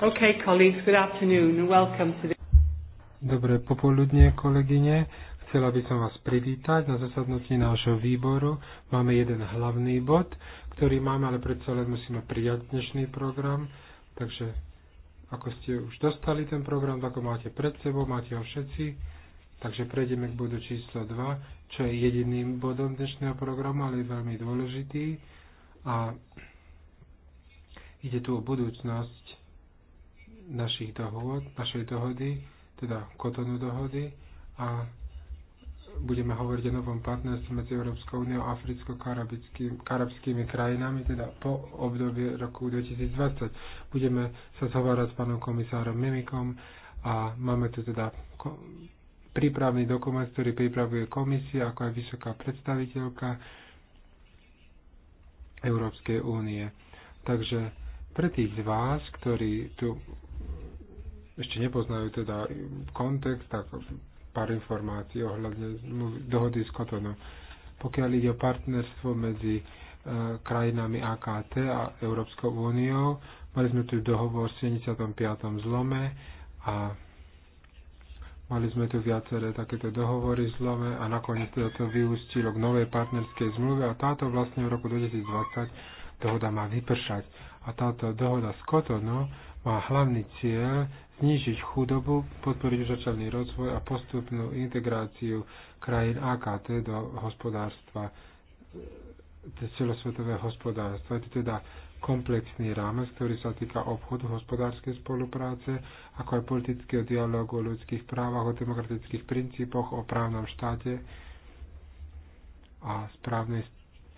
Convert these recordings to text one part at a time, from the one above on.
Okay, colleagues, good afternoon and welcome to the... Dobré popoludne, kolegyne. Chcela by som vás privítať na zasadnutí nášho výboru. Máme jeden hlavný bod, ktorý máme, ale predsa len musíme prijať dnešný program. Takže ako ste už dostali ten program, ako máte pred sebou, máte ho všetci. Takže prejdeme k bodu číslo 2, čo je jediným bodom dnešného programu, ale je veľmi dôležitý. A ide tu o budúcnosť našich dohod, našej dohody, teda kotonu dohody a budeme hovoriť o novom partnerstve medzi Európskou úniou a africko-karabskými krajinami, teda po období roku 2020. Budeme sa zhovárať s pánom komisárom Mimikom a máme tu teda prípravný dokument, ktorý pripravuje komisia, ako aj vysoká predstaviteľka Európskej únie. Takže pre tých z vás, ktorí tu ešte nepoznajú teda kontext, tak pár informácií ohľadne dohody s Kotonom. Pokiaľ ide o partnerstvo medzi e, krajinami AKT a Európskou úniou, mali sme tu dohovor v 75. zlome a Mali sme tu viaceré takéto dohovory zlome a nakoniec teda to vyústilo k novej partnerskej zmluve a táto vlastne v roku 2020 dohoda má vypršať. A táto dohoda s Kotonou má hlavný cieľ znížiť chudobu, podporiť užačaný rozvoj a postupnú integráciu krajín AKT do hospodárstva, do celosvetového hospodárstva. Je to teda komplexný rámec, ktorý sa týka obchodu, hospodárskej spolupráce, ako aj politického dialogu o ľudských právach, o demokratických princípoch, o právnom štáte a správnej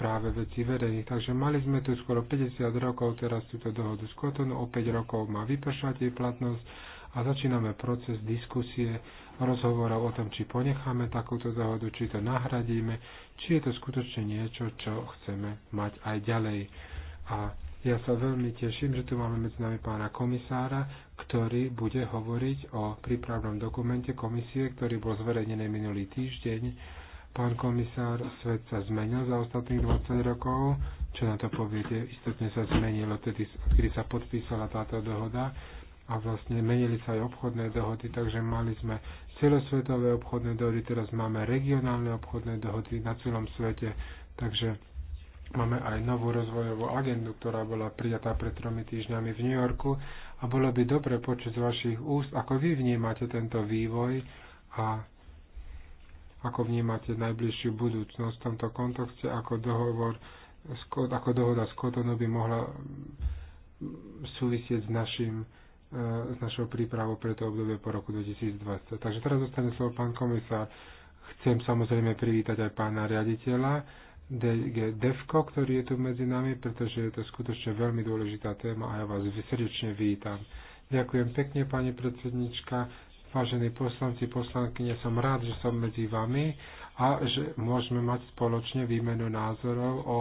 práve veci verejných. Takže mali sme tu skoro 50 rokov, teraz túto dohodu z Kotonu, o 5 rokov má vypršať jej platnosť a začíname proces diskusie, rozhovorov o tom, či ponecháme takúto dohodu, či to nahradíme, či je to skutočne niečo, čo chceme mať aj ďalej. A ja sa veľmi teším, že tu máme medzi nami pána komisára, ktorý bude hovoriť o prípravnom dokumente komisie, ktorý bol zverejnený minulý týždeň Pán komisár, svet sa zmenil za ostatných 20 rokov. Čo na to poviete? Istotne sa zmenilo, tedy, kedy sa podpísala táto dohoda a vlastne menili sa aj obchodné dohody, takže mali sme celosvetové obchodné dohody, teraz máme regionálne obchodné dohody na celom svete, takže máme aj novú rozvojovú agendu, ktorá bola prijatá pred tromi týždňami v New Yorku a bolo by dobre počuť z vašich úst, ako vy vnímate tento vývoj a ako vnímate najbližšiu budúcnosť v tomto kontexte, ako, dohovor, ako dohoda s Kotonou by mohla mm, súvisieť s, našim, eh, s našou prípravou pre to obdobie po roku 2020. Takže teraz zostane slovo pán komisár. Chcem samozrejme privítať aj pána riaditeľa DG Devko, ktorý je tu medzi nami, pretože je to skutočne veľmi dôležitá téma a ja vás srdečne vítam. Ďakujem pekne, pani predsednička. Vážení poslanci, poslankyne, som rád, že som medzi vami a že môžeme mať spoločne výmenu názorov o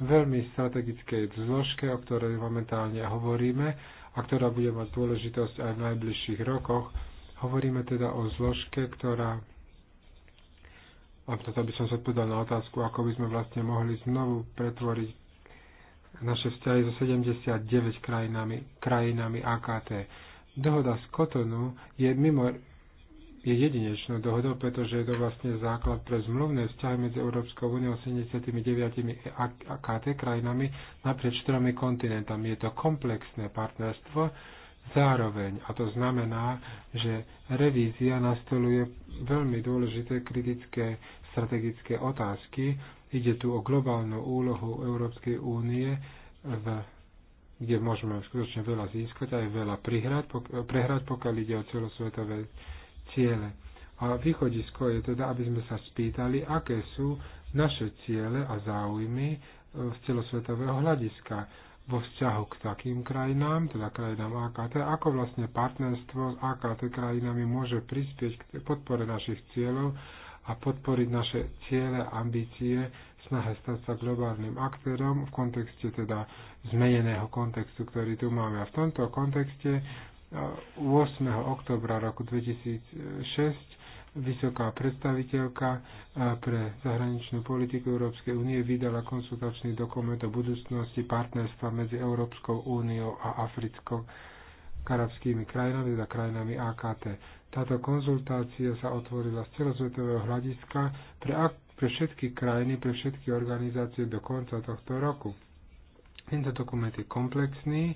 veľmi strategickej zložke, o ktorej momentálne hovoríme a ktorá bude mať dôležitosť aj v najbližších rokoch. Hovoríme teda o zložke, ktorá a preto by som sa zodpovedal na otázku, ako by sme vlastne mohli znovu pretvoriť naše vzťahy so 79 krajinami, krajinami AKT. Dohoda z Kotonu je mimo je jedinečnou dohodou, pretože je to vlastne základ pre zmluvné vzťahy medzi Európskou úniou a 79 AKT krajinami naprieč tromi kontinentami. Je to komplexné partnerstvo zároveň. A to znamená, že revízia nastoluje veľmi dôležité kritické strategické otázky. Ide tu o globálnu úlohu Európskej únie v kde môžeme skutočne veľa získať, aj veľa prihrať, pok- prehrať, pokiaľ ide o celosvetové ciele. A východisko je teda, aby sme sa spýtali, aké sú naše ciele a záujmy e, z celosvetového hľadiska vo vzťahu k takým krajinám, teda krajinám AKT, ako vlastne partnerstvo s AKT krajinami môže prispieť k podpore našich cieľov a podporiť naše ciele, ambície snahe stať sa globálnym aktérom v kontexte teda zmeneného kontextu, ktorý tu máme. A v tomto kontexte 8. Eh, oktobra roku 2006 vysoká predstaviteľka eh, pre zahraničnú politiku Európskej únie vydala konsultačný dokument o budúcnosti partnerstva medzi Európskou úniou a Africkou karabskými krajinami, teda krajinami AKT. Táto konzultácia sa otvorila z celosvetového hľadiska pre ak- pre všetky krajiny, pre všetky organizácie do konca tohto roku. Tento dokument je komplexný,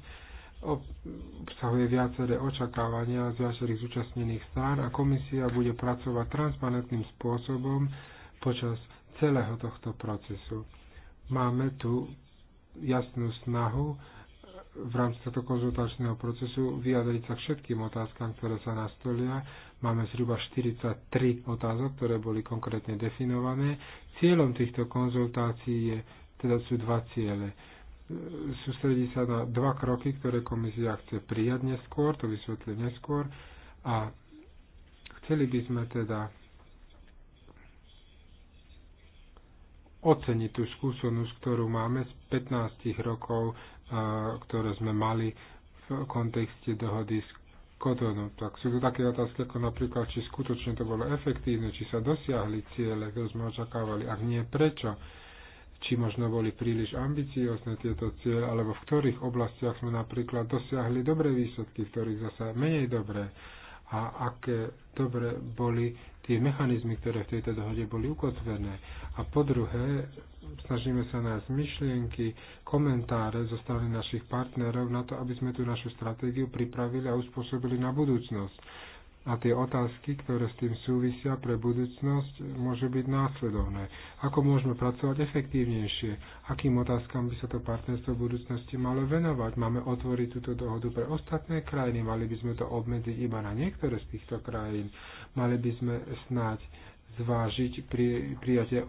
obsahuje viaceré očakávania z viacerých zúčastnených strán a komisia bude pracovať transparentným spôsobom počas celého tohto procesu. Máme tu jasnú snahu v rámci tohto konzultačného procesu vyjadriť sa všetkým otázkam, ktoré sa nastolia Máme zhruba 43 otázok, ktoré boli konkrétne definované. Cieľom týchto konzultácií je, teda sú dva ciele. Sústredí sa na dva kroky, ktoré komisia chce prijať neskôr, to vysvetlím neskôr. A chceli by sme teda oceniť tú skúsenosť, ktorú máme z 15 rokov, ktoré sme mali v kontexte dohody s Kotonu. Tak sú tu také otázky ako napríklad, či skutočne to bolo efektívne, či sa dosiahli ciele, ktoré sme očakávali, ak nie prečo, či možno boli príliš ambiciózne tieto ciele, alebo v ktorých oblastiach sme napríklad dosiahli dobré výsledky, v ktorých zase menej dobré a aké dobre boli tie mechanizmy, ktoré v tejto dohode boli ukotvené. A po druhé, snažíme sa nájsť myšlienky, komentáre zo strany našich partnerov na to, aby sme tú našu stratégiu pripravili a uspôsobili na budúcnosť. A tie otázky, ktoré s tým súvisia pre budúcnosť, môžu byť následovné. Ako môžeme pracovať efektívnejšie? Akým otázkam by sa to partnerstvo v budúcnosti malo venovať? Máme otvoriť túto dohodu pre ostatné krajiny? Mali by sme to obmedziť iba na niektoré z týchto krajín? Mali by sme snáď zvážiť pri, prijatie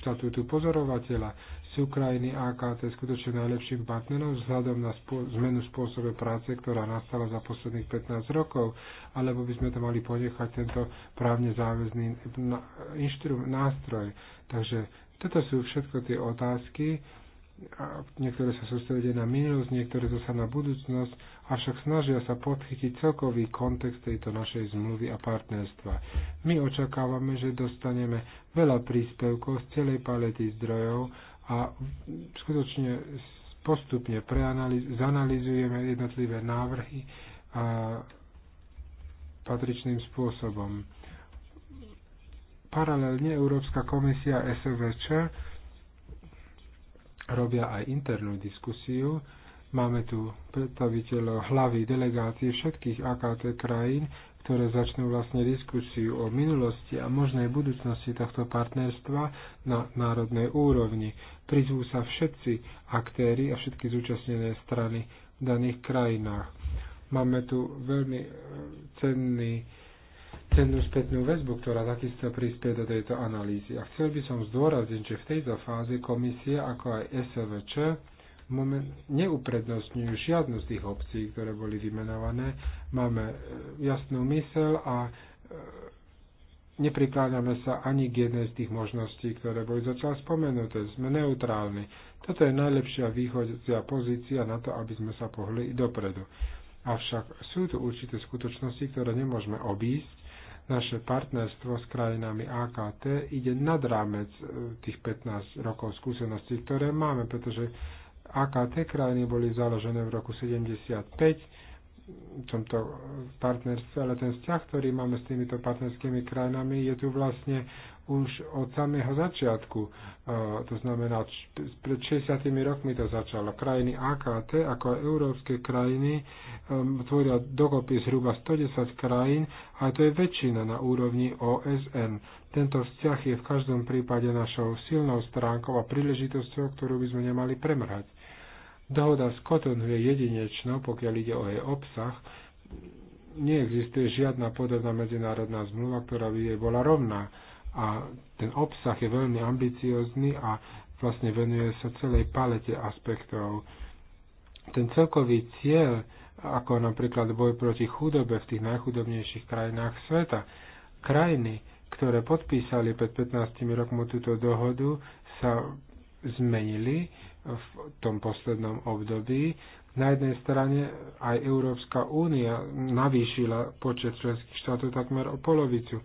štatútu pozorovateľa. Sú krajiny AKT skutočne najlepším partnerom vzhľadom na spô- zmenu spôsobe práce, ktorá nastala za posledných 15 rokov, alebo by sme to mali ponechať tento právne záväzný nástroj. Takže toto sú všetko tie otázky, niektoré sa sústredia na minulosť, niektoré zase na budúcnosť avšak snažia sa podchytiť celkový kontext tejto našej zmluvy a partnerstva. My očakávame, že dostaneme veľa príspevkov z celej palety zdrojov a skutočne postupne zanalizujeme jednotlivé návrhy a patričným spôsobom. Paralelne Európska komisia SVČ robia aj internú diskusiu, Máme tu predstaviteľov hlavy delegácií všetkých AKT krajín, ktoré začnú vlastne diskusiu o minulosti a možnej budúcnosti tohto partnerstva na národnej úrovni. Prizvú sa všetci aktéry a všetky zúčastnené strany v daných krajinách. Máme tu veľmi e, cenný, cennú spätnú väzbu, ktorá takisto prispie do tejto analýzy. A chcel by som zdôrazniť, že v tejto fáze Komisie, ako aj SVČ, neuprednostňujú žiadnu z tých obcí, ktoré boli vymenované. Máme e, jasnú mysel a e, neprikláňame sa ani k jednej z tých možností, ktoré boli zatiaľ spomenuté. Sme neutrálni. Toto je najlepšia východzia pozícia na to, aby sme sa pohli dopredu. Avšak sú tu určité skutočnosti, ktoré nemôžeme obísť. Naše partnerstvo s krajinami AKT ide nad rámec e, tých 15 rokov skúseností, ktoré máme, pretože AKT krajiny boli založené v roku 75 v tomto partnerstve, ale ten vzťah, ktorý máme s týmito partnerskými krajinami, je tu vlastne už od samého začiatku. E, to znamená, pred 60 rokmi to začalo. Krajiny AKT, ako aj európske krajiny, e, tvoria dokopy zhruba 110 krajín a to je väčšina na úrovni OSN. Tento vzťah je v každom prípade našou silnou stránkou a príležitosťou, ktorú by sme nemali premrhať. Dohoda z Kotonu je jedinečná, pokiaľ ide o jej obsah. Neexistuje žiadna podobná medzinárodná zmluva, ktorá by jej bola rovná. A ten obsah je veľmi ambiciózny a vlastne venuje sa celej palete aspektov. Ten celkový cieľ, ako napríklad boj proti chudobe v tých najchudobnejších krajinách sveta, krajiny, ktoré podpísali pred 15 rokmi túto dohodu, sa zmenili v tom poslednom období. Na jednej strane aj Európska únia navýšila počet členských štátov takmer o polovicu.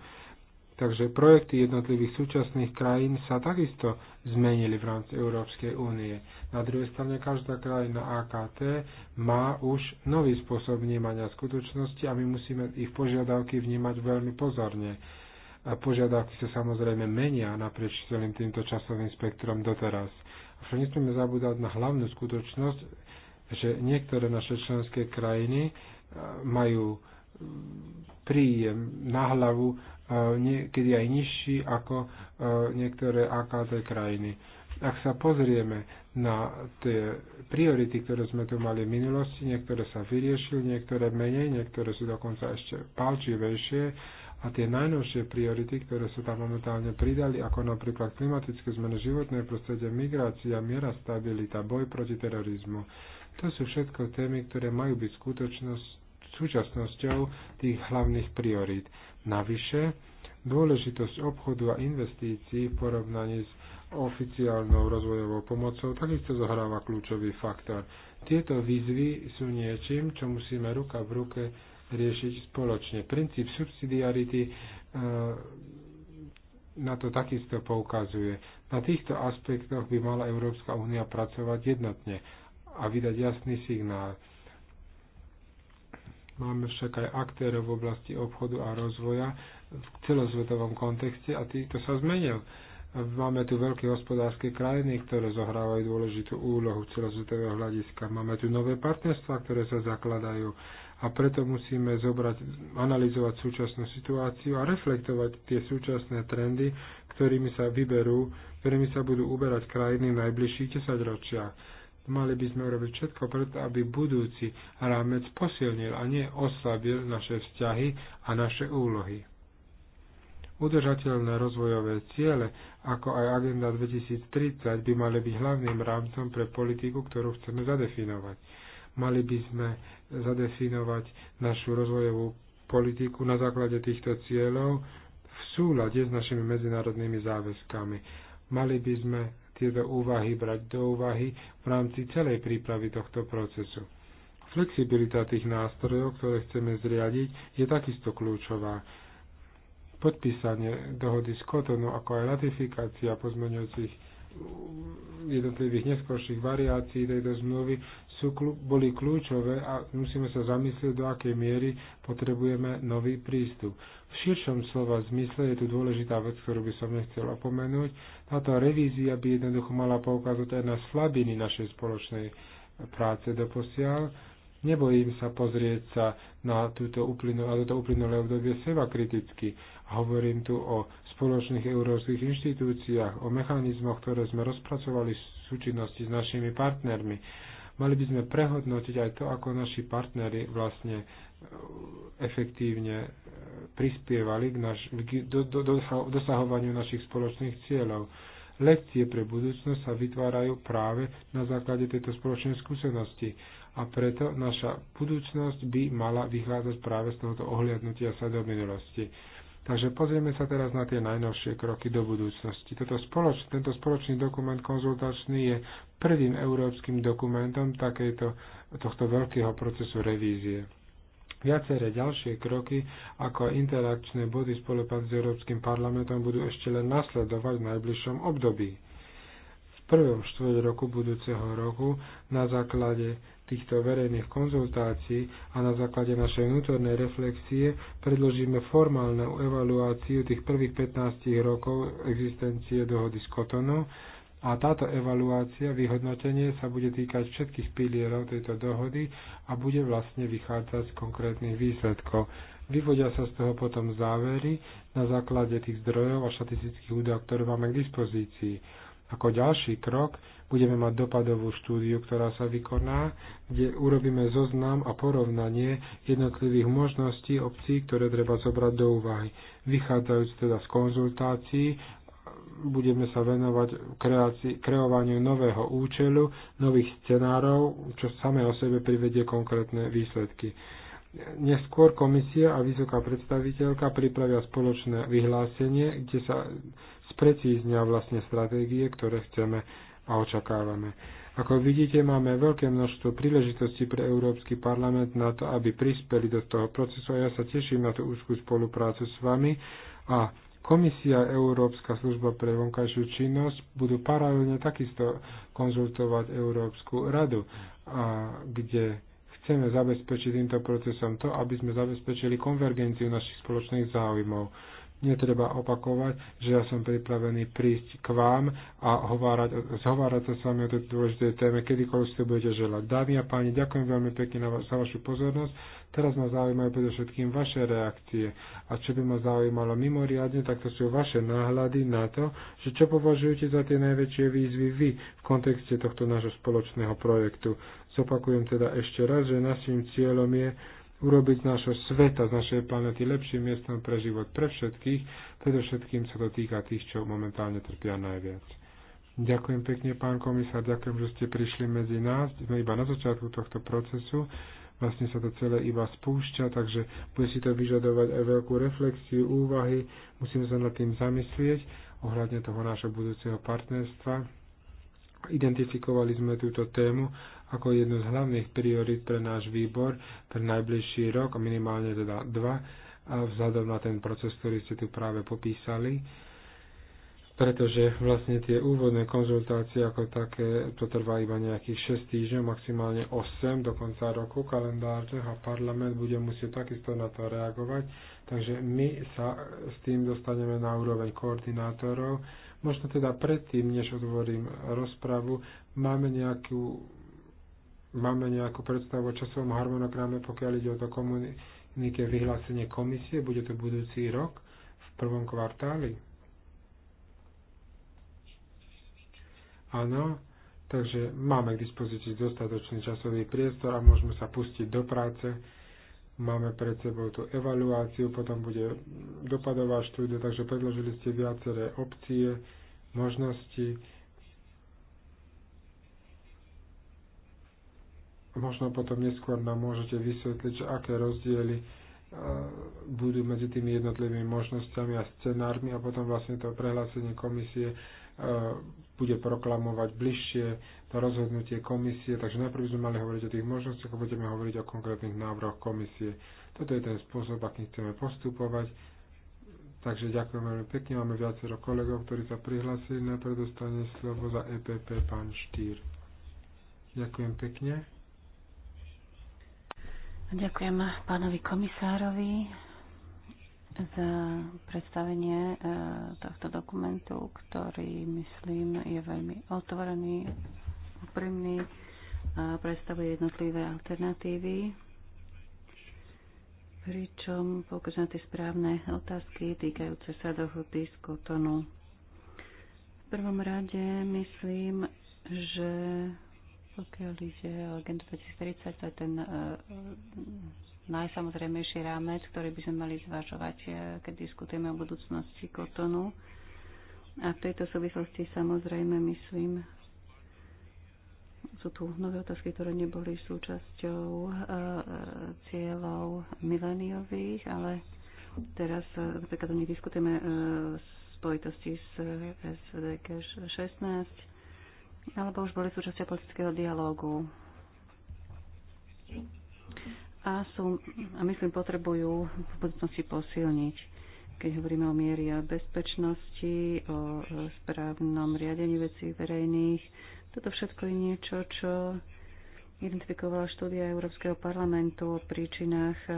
Takže projekty jednotlivých súčasných krajín sa takisto zmenili v rámci Európskej únie. Na druhej strane každá krajina AKT má už nový spôsob vnímania skutočnosti a my musíme ich požiadavky vnímať veľmi pozorne. A požiadavky sa samozrejme menia naprieč celým týmto časovým spektrom doteraz. Avšak nesmieme zabúdať na hlavnú skutočnosť, že niektoré naše členské krajiny e, majú príjem na hlavu e, niekedy aj nižší ako e, niektoré AKT krajiny. Ak sa pozrieme na tie priority, ktoré sme tu mali v minulosti, niektoré sa vyriešili, niektoré menej, niektoré sú dokonca ešte palčivejšie, a tie najnovšie priority, ktoré sa tam momentálne pridali, ako napríklad klimatické zmeny, životné prostredie, migrácia, miera stabilita, boj proti terorizmu, to sú všetko témy, ktoré majú byť skutočnosť, súčasnosťou tých hlavných priorít. Navyše, dôležitosť obchodu a investícií v porovnaní s oficiálnou rozvojovou pomocou takisto zohráva kľúčový faktor. Tieto výzvy sú niečím, čo musíme ruka v ruke riešiť spoločne. Princíp subsidiarity e, na to takisto poukazuje. Na týchto aspektoch by mala Európska únia pracovať jednotne a vydať jasný signál. Máme však aj aktérov v oblasti obchodu a rozvoja v celosvetovom kontexte a týchto sa zmenil. Máme tu veľké hospodárske krajiny, ktoré zohrávajú dôležitú úlohu celosvetového hľadiska. Máme tu nové partnerstva, ktoré sa zakladajú a preto musíme zobrať, analyzovať súčasnú situáciu a reflektovať tie súčasné trendy, ktorými sa vyberú, ktorými sa budú uberať krajiny v najbližších ročiach. Mali by sme urobiť všetko preto, aby budúci rámec posilnil a nie oslabil naše vzťahy a naše úlohy. Udržateľné rozvojové ciele, ako aj Agenda 2030, by mali byť hlavným rámcom pre politiku, ktorú chceme zadefinovať Mali by sme zadefinovať našu rozvojovú politiku na základe týchto cieľov v súlade s našimi medzinárodnými záväzkami. Mali by sme tieto úvahy brať do úvahy v rámci celej prípravy tohto procesu. Flexibilita tých nástrojov, ktoré chceme zriadiť, je takisto kľúčová. Podpísanie dohody z Kotonu, ako aj ratifikácia pozmeňujúcich jednotlivých neskôrších variácií tejto zmluvy sú, boli kľúčové a musíme sa zamyslieť, do akej miery potrebujeme nový prístup. V širšom slova zmysle je tu dôležitá vec, ktorú by som nechcel opomenúť. Táto revízia by jednoducho mala poukázať aj na slabiny našej spoločnej práce doposiaľ. Nebojím sa pozrieť sa na, túto uplynu, toto uplynulé obdobie seba kriticky. Hovorím tu o spoločných európskych inštitúciách, o mechanizmoch, ktoré sme rozpracovali v súčinnosti s našimi partnermi Mali by sme prehodnotiť aj to, ako naši partnery vlastne e, efektívne e, prispievali k, naš, k do, do, dosahovaniu našich spoločných cieľov. Lekcie pre budúcnosť sa vytvárajú práve na základe tejto spoločnej skúsenosti a preto naša budúcnosť by mala vychádzať práve z tohoto ohliadnutia sa do minulosti. Takže pozrieme sa teraz na tie najnovšie kroky do budúcnosti. Toto spoloč, tento spoločný dokument konzultačný je prvým európskym dokumentom takejto, tohto veľkého procesu revízie. Viaceré ďalšie kroky ako interakčné body spolupráce s Európskym parlamentom budú ešte len nasledovať v najbližšom období prvom štvrť roku budúceho roku na základe týchto verejných konzultácií a na základe našej vnútornej reflexie predložíme formálnu evaluáciu tých prvých 15 rokov existencie dohody s Kotonou a táto evaluácia, vyhodnotenie sa bude týkať všetkých pilierov tejto dohody a bude vlastne vychádzať z konkrétnych výsledkov. Vyvodia sa z toho potom závery na základe tých zdrojov a štatistických údajov, ktoré máme k dispozícii. Ako ďalší krok budeme mať dopadovú štúdiu, ktorá sa vykoná, kde urobíme zoznam a porovnanie jednotlivých možností obcí, ktoré treba zobrať do úvahy. Vychádzajúc teda z konzultácií, budeme sa venovať kreácii, kreovaniu nového účelu, nových scenárov, čo samé o sebe privedie konkrétne výsledky. Neskôr komisia a vysoká predstaviteľka pripravia spoločné vyhlásenie, kde sa sprecíznia vlastne stratégie, ktoré chceme a očakávame. Ako vidíte, máme veľké množstvo príležitostí pre Európsky parlament na to, aby prispeli do toho procesu a ja sa teším na tú úzkú spoluprácu s vami a Komisia Európska služba pre vonkajšiu činnosť budú paralelne takisto konzultovať Európsku radu, a kde chceme zabezpečiť týmto procesom to, aby sme zabezpečili konvergenciu našich spoločných záujmov netreba opakovať, že ja som pripravený prísť k vám a hovárať, zhovárať sa s vami o tejto dôležitej téme, kedykoľvek si to budete želať. Dámy a páni, ďakujem veľmi pekne na, za vašu pozornosť. Teraz ma zaujímajú predovšetkým vaše reakcie. A čo by ma zaujímalo mimoriadne, tak to sú vaše náhľady na to, že čo považujete za tie najväčšie výzvy vy v kontexte tohto nášho spoločného projektu. Zopakujem teda ešte raz, že našim cieľom je urobiť z nášho sveta, z našej planety lepším miestom pre život pre všetkých, predovšetkým sa to týka tých, čo momentálne trpia najviac. Ďakujem pekne, pán komisár, ďakujem, že ste prišli medzi nás. Sme iba na začiatku tohto procesu, vlastne sa to celé iba spúšťa, takže bude si to vyžadovať aj veľkú reflexiu, úvahy, musíme sa nad tým zamyslieť ohľadne toho nášho budúceho partnerstva. Identifikovali sme túto tému ako jednu z hlavných priorit pre náš výbor pre najbližší rok, minimálne teda dva, a vzhľadom na ten proces, ktorý ste tu práve popísali pretože vlastne tie úvodné konzultácie ako také, to trvá iba nejakých 6 týždňov, maximálne 8 do konca roku kalendárneho a parlament bude musieť takisto na to reagovať. Takže my sa s tým dostaneme na úroveň koordinátorov. Možno teda predtým, než otvorím rozpravu, máme nejakú máme nejakú predstavu o časovom harmonograme, pokiaľ ide o to komunike vyhlásenie komisie, bude to budúci rok v prvom kvartáli. Áno, takže máme k dispozícii dostatočný časový priestor a môžeme sa pustiť do práce. Máme pred sebou tú evaluáciu, potom bude dopadová štúdia, takže predložili ste viaceré opcie, možnosti možno potom neskôr nám môžete vysvetliť, že aké rozdiely e, budú medzi tými jednotlivými možnosťami a scenármi a potom vlastne to prehlásenie komisie e, bude proklamovať bližšie to rozhodnutie komisie. Takže najprv sme mali hovoriť o tých možnostiach a budeme hovoriť o konkrétnych návrhoch komisie. Toto je ten spôsob, akým chceme postupovať. Takže ďakujem veľmi pekne. Máme viacero kolegov, ktorí sa prihlásili Najprv dostane slovo za EPP pán Štýr. Ďakujem pekne. Ďakujem pánovi komisárovi za predstavenie e, tohto dokumentu, ktorý, myslím, je veľmi otvorený, úprimný a predstavuje jednotlivé alternatívy, pričom poukazuje na tie správne otázky týkajúce sa dohody z Kotonu. V prvom rade myslím, že pokiaľ ide o agendu 2030, to je ten e, najsamozrejmejší rámec, ktorý by sme mali zvažovať, e, keď diskutujeme o budúcnosti kotonu. A v tejto súvislosti samozrejme myslím, sú tu nové otázky, ktoré neboli súčasťou uh, cieľov mileniových, ale teraz napríklad o nich diskutujeme v spojitosti s SDG 16 alebo už boli súčasťou politického dialógu a, sú, a myslím potrebujú v budúcnosti posilniť. Keď hovoríme o miery a bezpečnosti, o správnom riadení vecí verejných, toto všetko je niečo, čo identifikovala štúdia Európskeho parlamentu o príčinách e,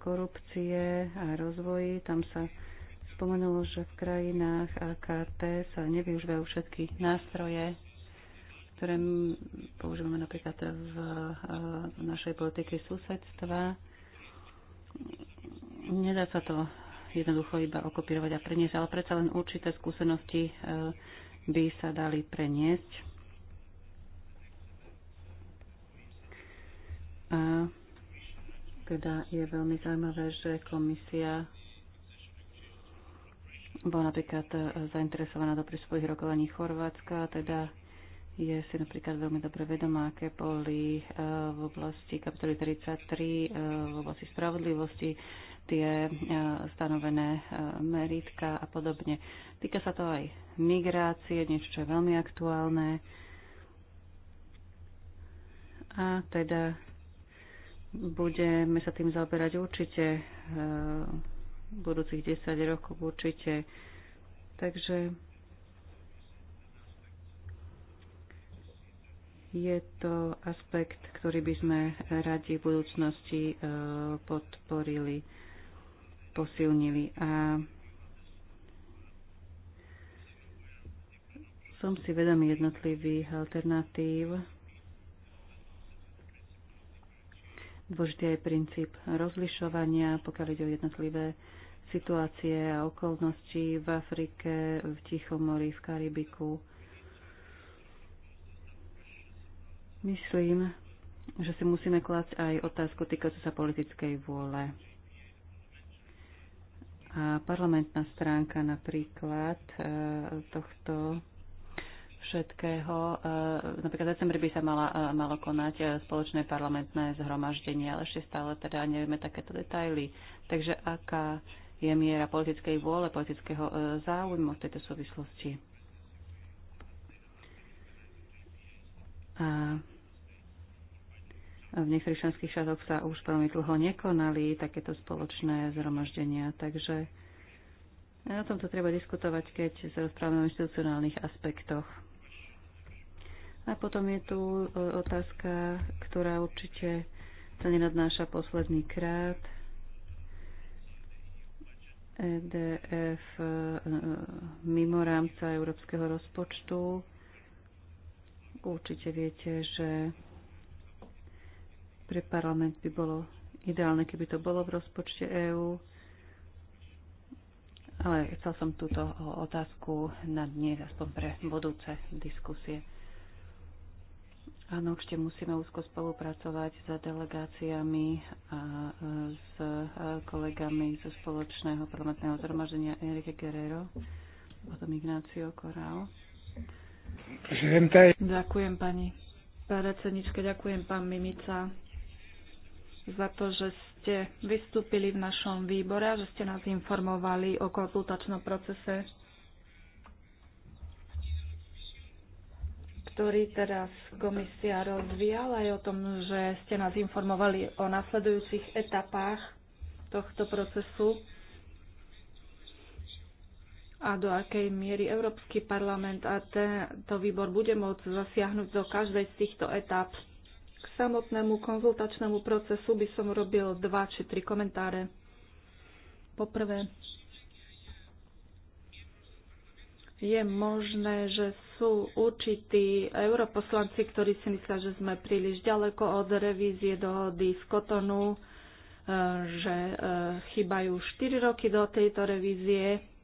korupcie a rozvoji. Tam sa spomenulo, že v krajinách AKT sa nevyužívajú všetky nástroje ktoré používame napríklad v, e, v našej politike susedstva. Nedá sa to jednoducho iba okopírovať a preniesť, ale predsa len určité skúsenosti e, by sa dali preniesť. A teda je veľmi zaujímavé, že komisia bola napríklad e, zainteresovaná do prístupových rokovaní Chorvátska, teda je si napríklad veľmi dobre vedomá, aké boli e, v oblasti kapitoly 33, e, v oblasti spravodlivosti tie e, stanovené meritka a podobne. Týka sa to aj migrácie, niečo, čo je veľmi aktuálne. A teda budeme sa tým zaoberať určite v budúcich 10 rokov určite. Takže Je to aspekt, ktorý by sme radi v budúcnosti e, podporili, posilnili. A som si vedomý jednotlivých alternatív. Dôležitý je princíp rozlišovania, pokiaľ ide o jednotlivé situácie a okolnosti v Afrike, v Tichomori, v Karibiku Myslím, že si musíme klásť aj otázku týkajúcu sa politickej vôle. A parlamentná stránka napríklad e, tohto všetkého. E, napríklad v decembri by sa mala, e, malo konať spoločné parlamentné zhromaždenie, ale ešte stále teda nevieme takéto detaily. Takže aká je miera politickej vôle, politického záujmu v tejto súvislosti? A v niektorých členských šatoch sa už veľmi dlho nekonali takéto spoločné zhromaždenia, takže o tomto treba diskutovať, keď sa rozprávame o institucionálnych aspektoch. A potom je tu e, otázka, ktorá určite sa nenadnáša posledný krát. EDF e, e, mimo rámca európskeho rozpočtu Určite viete, že pre parlament by bolo ideálne, keby to bolo v rozpočte EÚ, ale chcel som túto otázku nadniesť aspoň pre budúce diskusie. Áno, určite musíme úzko spolupracovať s delegáciami a e, s e, kolegami zo spoločného parlamentného zhromaždenia Enrique Guerrero, potom Ignacio Corral. Ďakujem pani predsedničke, ďakujem pán Mimica za to, že ste vystúpili v našom výbore a že ste nás informovali o konzultačnom procese, ktorý teraz komisia rozvíja, ale aj o tom, že ste nás informovali o nasledujúcich etapách tohto procesu a do akej miery Európsky parlament a tento výbor bude môcť zasiahnuť do každej z týchto etáp. K samotnému konzultačnému procesu by som robil dva či tri komentáre. Poprvé, je možné, že sú určití europoslanci, ktorí si myslia, že sme príliš ďaleko od revízie dohody z Kotonu, eh, že eh, chýbajú 4 roky do tejto revízie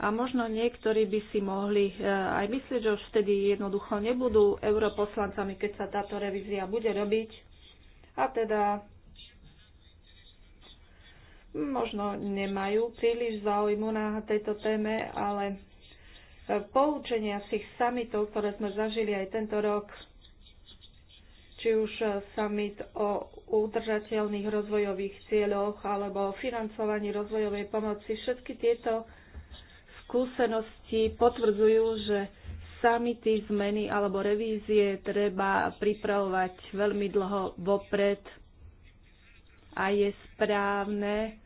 a možno niektorí by si mohli e, aj myslieť, že už vtedy jednoducho nebudú europoslancami, keď sa táto revízia bude robiť. A teda možno nemajú príliš záujmu na tejto téme, ale e, poučenia z tých samitov, ktoré sme zažili aj tento rok, či už e, summit o udržateľných rozvojových cieľoch alebo o financovaní rozvojovej pomoci, všetky tieto skúsenosti potvrdzujú, že samity, zmeny alebo revízie treba pripravovať veľmi dlho vopred a je správne,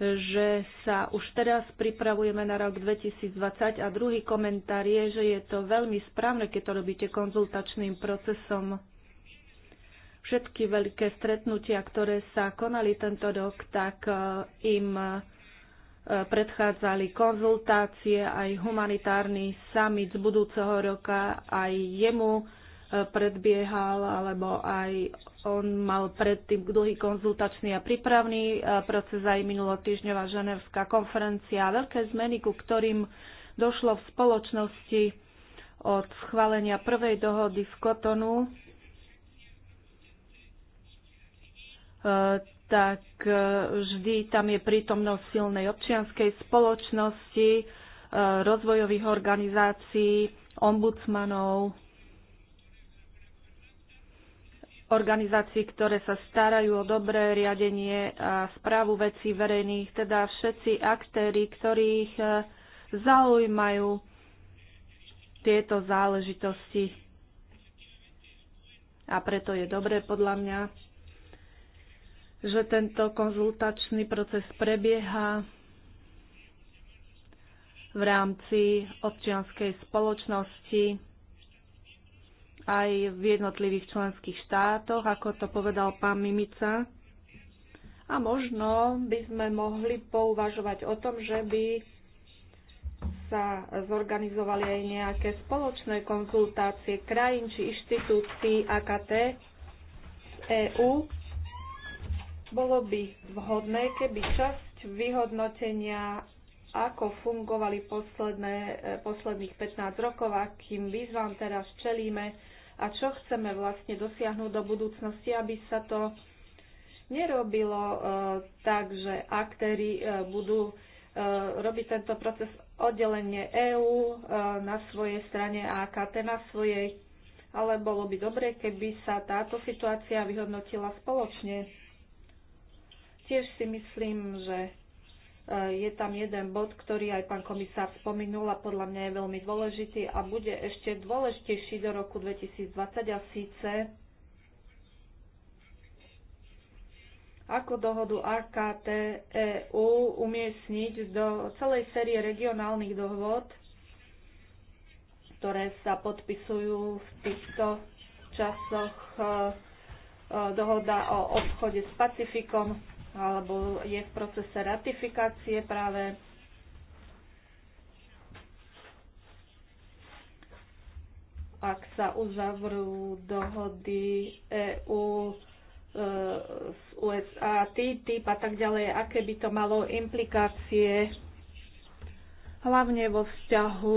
že sa už teraz pripravujeme na rok 2020 a druhý komentár je, že je to veľmi správne, keď to robíte konzultačným procesom všetky veľké stretnutia, ktoré sa konali tento rok, tak eh, im predchádzali konzultácie, aj humanitárny summit z budúceho roka, aj jemu e, predbiehal, alebo aj on mal predtým dlhý konzultačný a prípravný e, proces, aj minulotýždňová ženevská konferencia, veľké zmeny, ku ktorým došlo v spoločnosti od schválenia prvej dohody z Kotonu e, tak e, vždy tam je prítomnosť silnej občianskej spoločnosti, e, rozvojových organizácií, ombudsmanov, organizácií, ktoré sa starajú o dobré riadenie a správu vecí verejných, teda všetci aktéry, ktorých e, zaujímajú tieto záležitosti. A preto je dobré podľa mňa že tento konzultačný proces prebieha v rámci občianskej spoločnosti aj v jednotlivých členských štátoch, ako to povedal pán Mimica. A možno by sme mohli pouvažovať o tom, že by sa zorganizovali aj nejaké spoločné konzultácie krajín či inštitúcií AKT z EÚ bolo by vhodné, keby časť vyhodnotenia, ako fungovali posledné, e, posledných 15 rokov, akým výzvam teraz čelíme a čo chceme vlastne dosiahnuť do budúcnosti, aby sa to nerobilo e, tak, že aktéry e, budú e, robiť tento proces oddelenie EÚ e, na svojej strane a AKT na svojej, ale bolo by dobre, keby sa táto situácia vyhodnotila spoločne. Tiež si myslím, že e, je tam jeden bod, ktorý aj pán komisár spomenul a podľa mňa je veľmi dôležitý a bude ešte dôležitejší do roku 2020 a síce ako dohodu AKT EU umiestniť do celej série regionálnych dohod, ktoré sa podpisujú v týchto časoch e, e, dohoda o obchode s Pacifikom, alebo je v procese ratifikácie práve ak sa uzavrú dohody EÚ z USA, e, TTIP a tak ďalej, aké by to malo implikácie hlavne vo vzťahu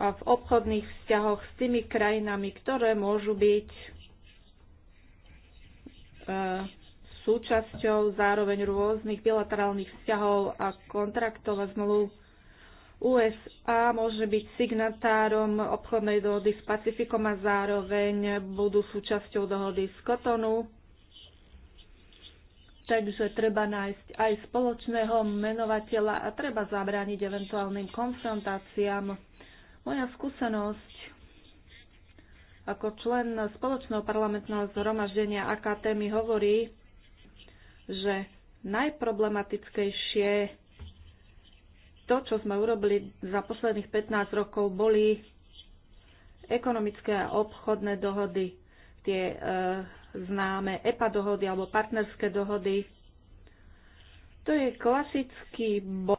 a v obchodných vzťahoch s tými krajinami, ktoré môžu byť e, súčasťou zároveň rôznych bilaterálnych vzťahov a kontraktov a zmluv. USA môže byť signatárom obchodnej dohody s Pacifikom a zároveň budú súčasťou dohody z Kotonu. Takže treba nájsť aj spoločného menovateľa a treba zabrániť eventuálnym konfrontáciám. Moja skúsenosť ako člen spoločného parlamentného zhromaždenia AKT mi hovorí, že najproblematickejšie to, čo sme urobili za posledných 15 rokov, boli ekonomické a obchodné dohody, tie e, známe EPA dohody alebo partnerské dohody. To je klasický bod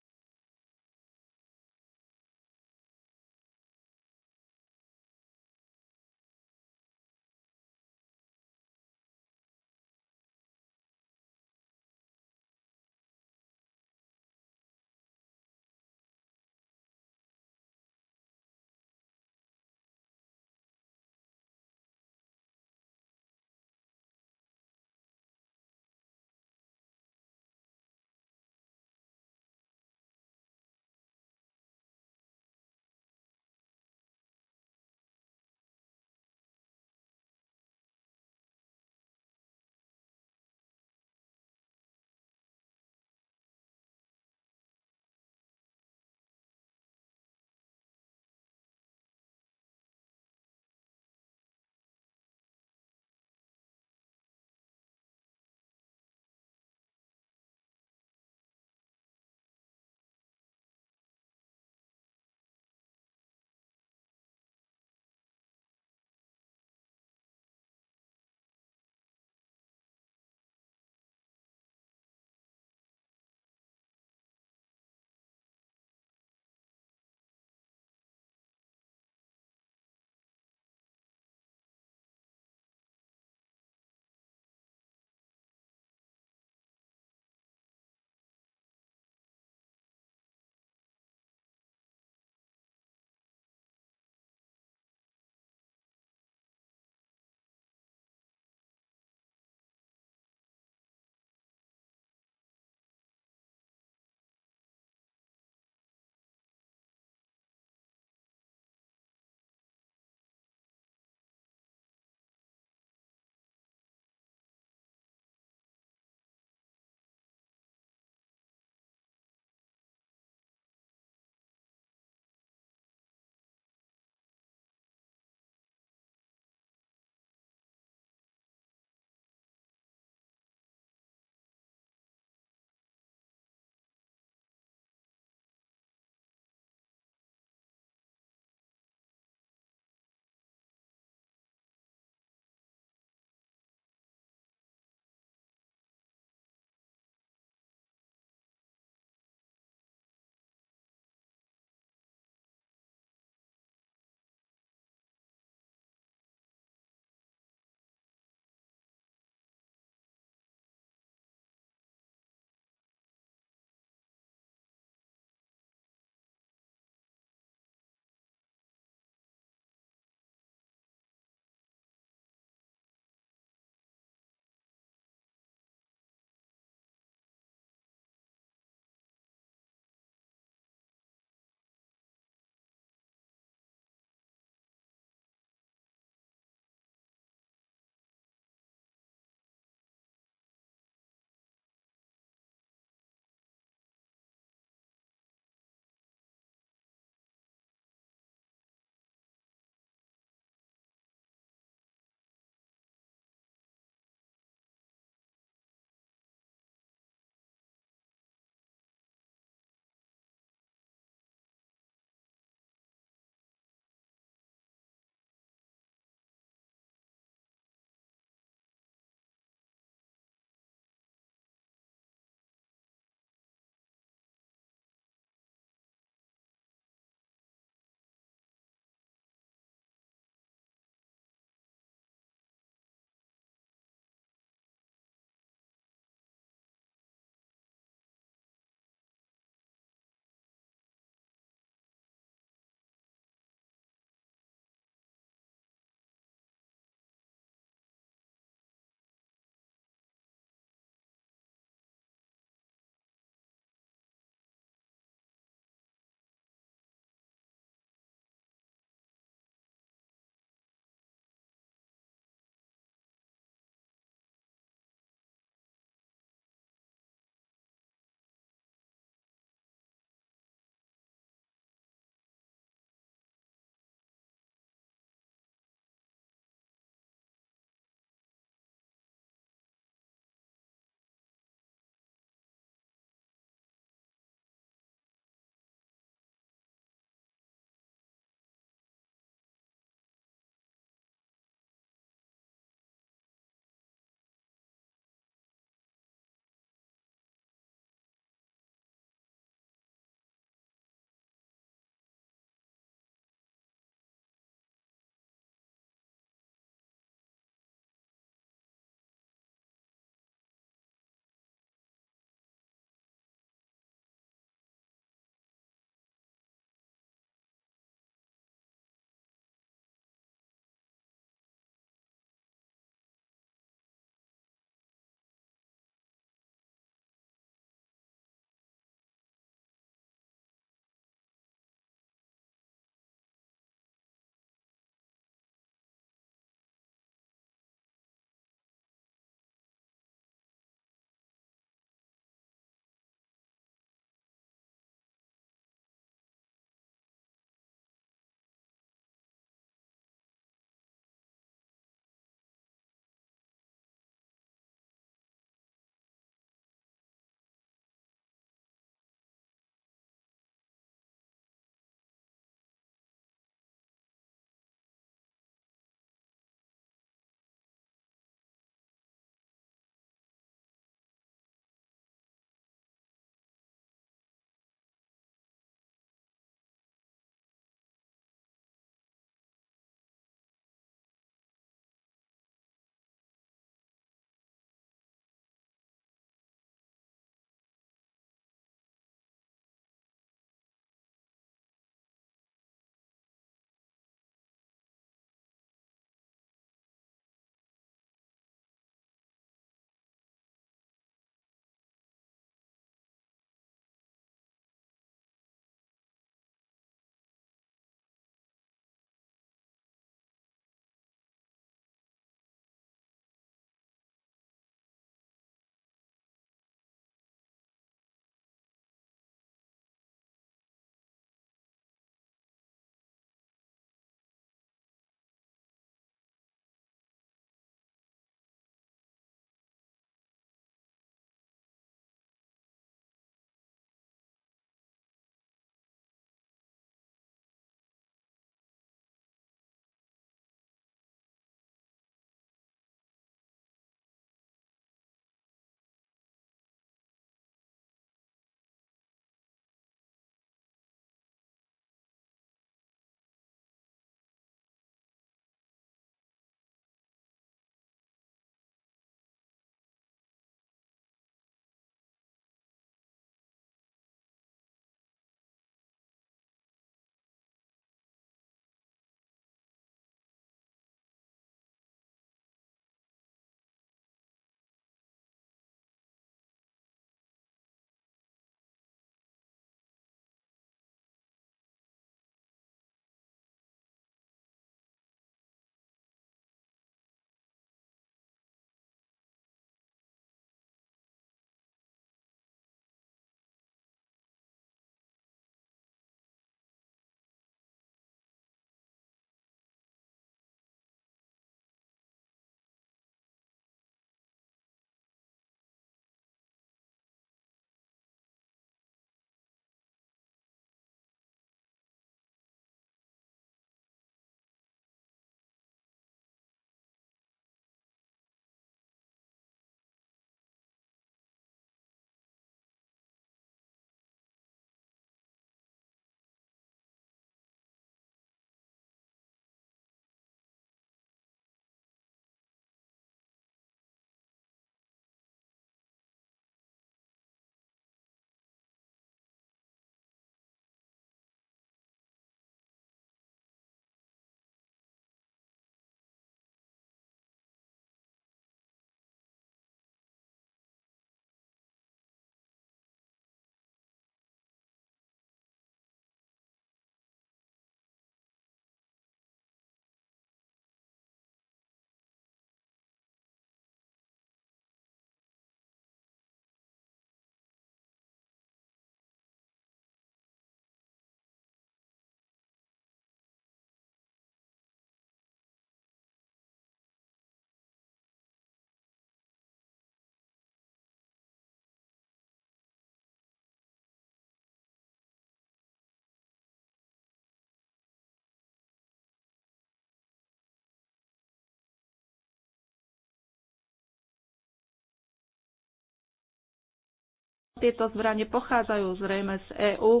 Tieto zbranie pochádzajú zrejme z EÚ.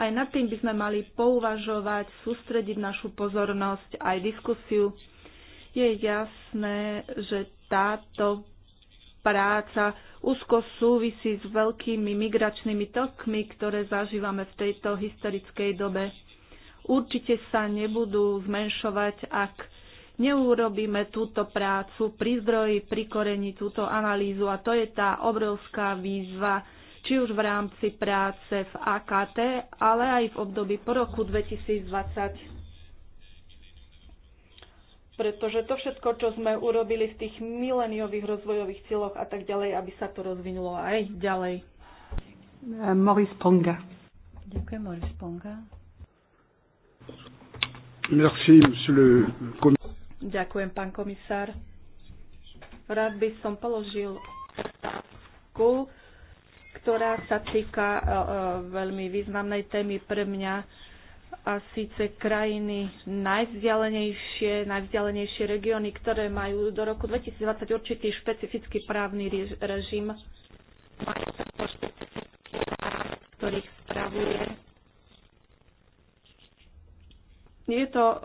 Aj nad tým by sme mali pouvažovať, sústrediť našu pozornosť, aj diskusiu. Je jasné, že táto práca úzko súvisí s veľkými migračnými tokmi, ktoré zažívame v tejto historickej dobe. Určite sa nebudú zmenšovať, ak neurobíme túto prácu pri zdroji, pri koreni, túto analýzu. A to je tá obrovská výzva, či už v rámci práce v AKT, ale aj v období po roku 2020. Pretože to všetko, čo sme urobili v tých mileniových rozvojových cieľoch a tak ďalej, aby sa to rozvinulo aj ďalej. Moris Ponga. Ďakujem, Moris Ponga. Merci, le Ďakujem, pán komisár. Rád by som položil otázku ktorá sa týka e, e, veľmi významnej témy pre mňa a síce krajiny najvzdialenejšie, najvzdialenejšie regióny, ktoré majú do roku 2020 určitý špecifický právny režim, ktorých spravuje. Je to e,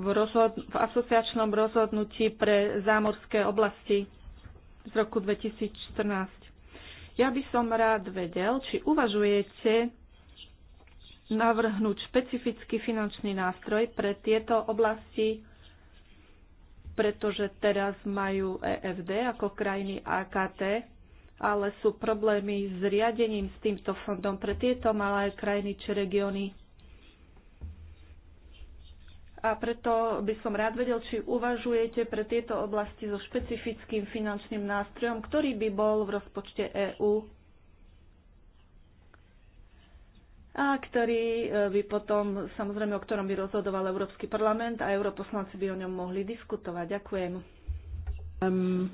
v, rozhod- v asociačnom rozhodnutí pre zámorské oblasti z roku 2014. Ja by som rád vedel, či uvažujete navrhnúť špecifický finančný nástroj pre tieto oblasti, pretože teraz majú EFD ako krajiny AKT, ale sú problémy s riadením s týmto fondom pre tieto malé krajiny či regióny a preto by som rád vedel, či uvažujete pre tieto oblasti so špecifickým finančným nástrojom, ktorý by bol v rozpočte EÚ a ktorý e, by potom, samozrejme, o ktorom by rozhodoval Európsky parlament a europoslanci by o ňom mohli diskutovať. Ďakujem. Um,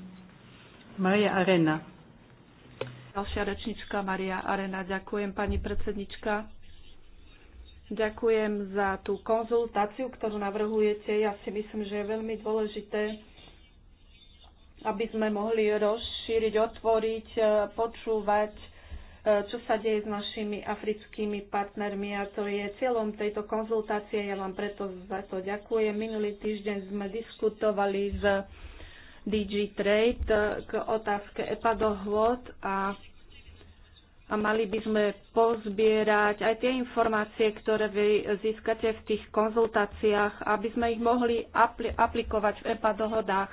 Maria Arena. Ďalšia rečnička Maria Arena. Ďakujem, pani predsednička. Ďakujem za tú konzultáciu, ktorú navrhujete. Ja si myslím, že je veľmi dôležité, aby sme mohli rozšíriť, otvoriť, e, počúvať, e, čo sa deje s našimi africkými partnermi a to je cieľom tejto konzultácie. Ja vám preto za to ďakujem. Minulý týždeň sme diskutovali s DG Trade e, k otázke EPA dohôd a a mali by sme pozbierať aj tie informácie, ktoré vy získate v tých konzultáciách, aby sme ich mohli apl- aplikovať v EPA dohodách.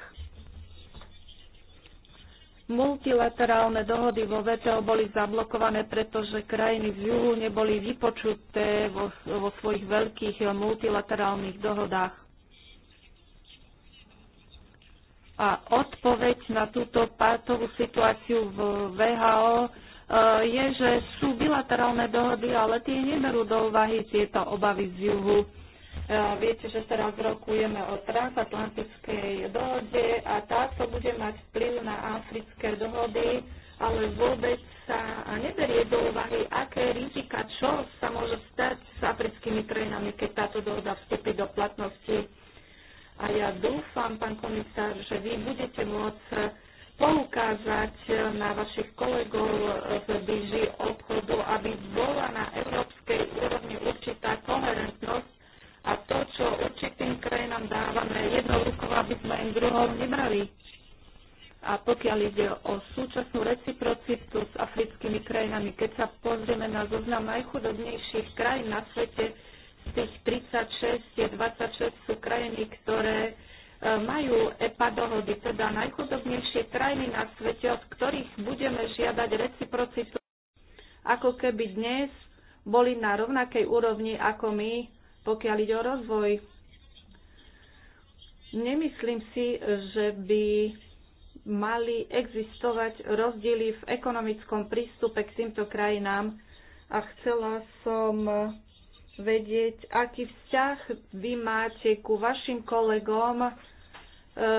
Multilaterálne dohody vo VTO boli zablokované, pretože krajiny z juhu neboli vypočuté vo, vo svojich veľkých multilaterálnych dohodách. A odpoveď na túto pátovú situáciu v VHO Eh, je, že sú bilaterálne dohody, ale tie neberú do úvahy tieto obavy z juhu. Eh, viete, že teraz rokujeme o transatlantickej dohode a táto bude mať vplyv na africké dohody, ale vôbec sa neberie do úvahy, aké rizika, čo sa môže stať s africkými krajinami, keď táto dohoda vstúpi do platnosti. A ja dúfam, pán komisár, že vy budete môcť poukázať eh, na vašich kolegov v eh, blíži obchodu, aby bola na európskej úrovni určitá koherentnosť a to, čo určitým krajinám dávame jednou rukou, aby sme im druhou nebrali. A pokiaľ ide o súčasnú reciprocitu s africkými krajinami, keď sa pozrieme na zoznam najchudobnejších krajín na svete, z tých 36 je 26 sú krajiny, ktoré E, majú EPA dohody, teda najchudobnejšie krajiny na svete, od ktorých budeme žiadať reciprocitu, ako keby dnes boli na rovnakej úrovni ako my, pokiaľ ide o rozvoj. Nemyslím si, že by mali existovať rozdiely v ekonomickom prístupe k týmto krajinám a chcela som vedieť, aký vzťah vy máte ku vašim kolegom E,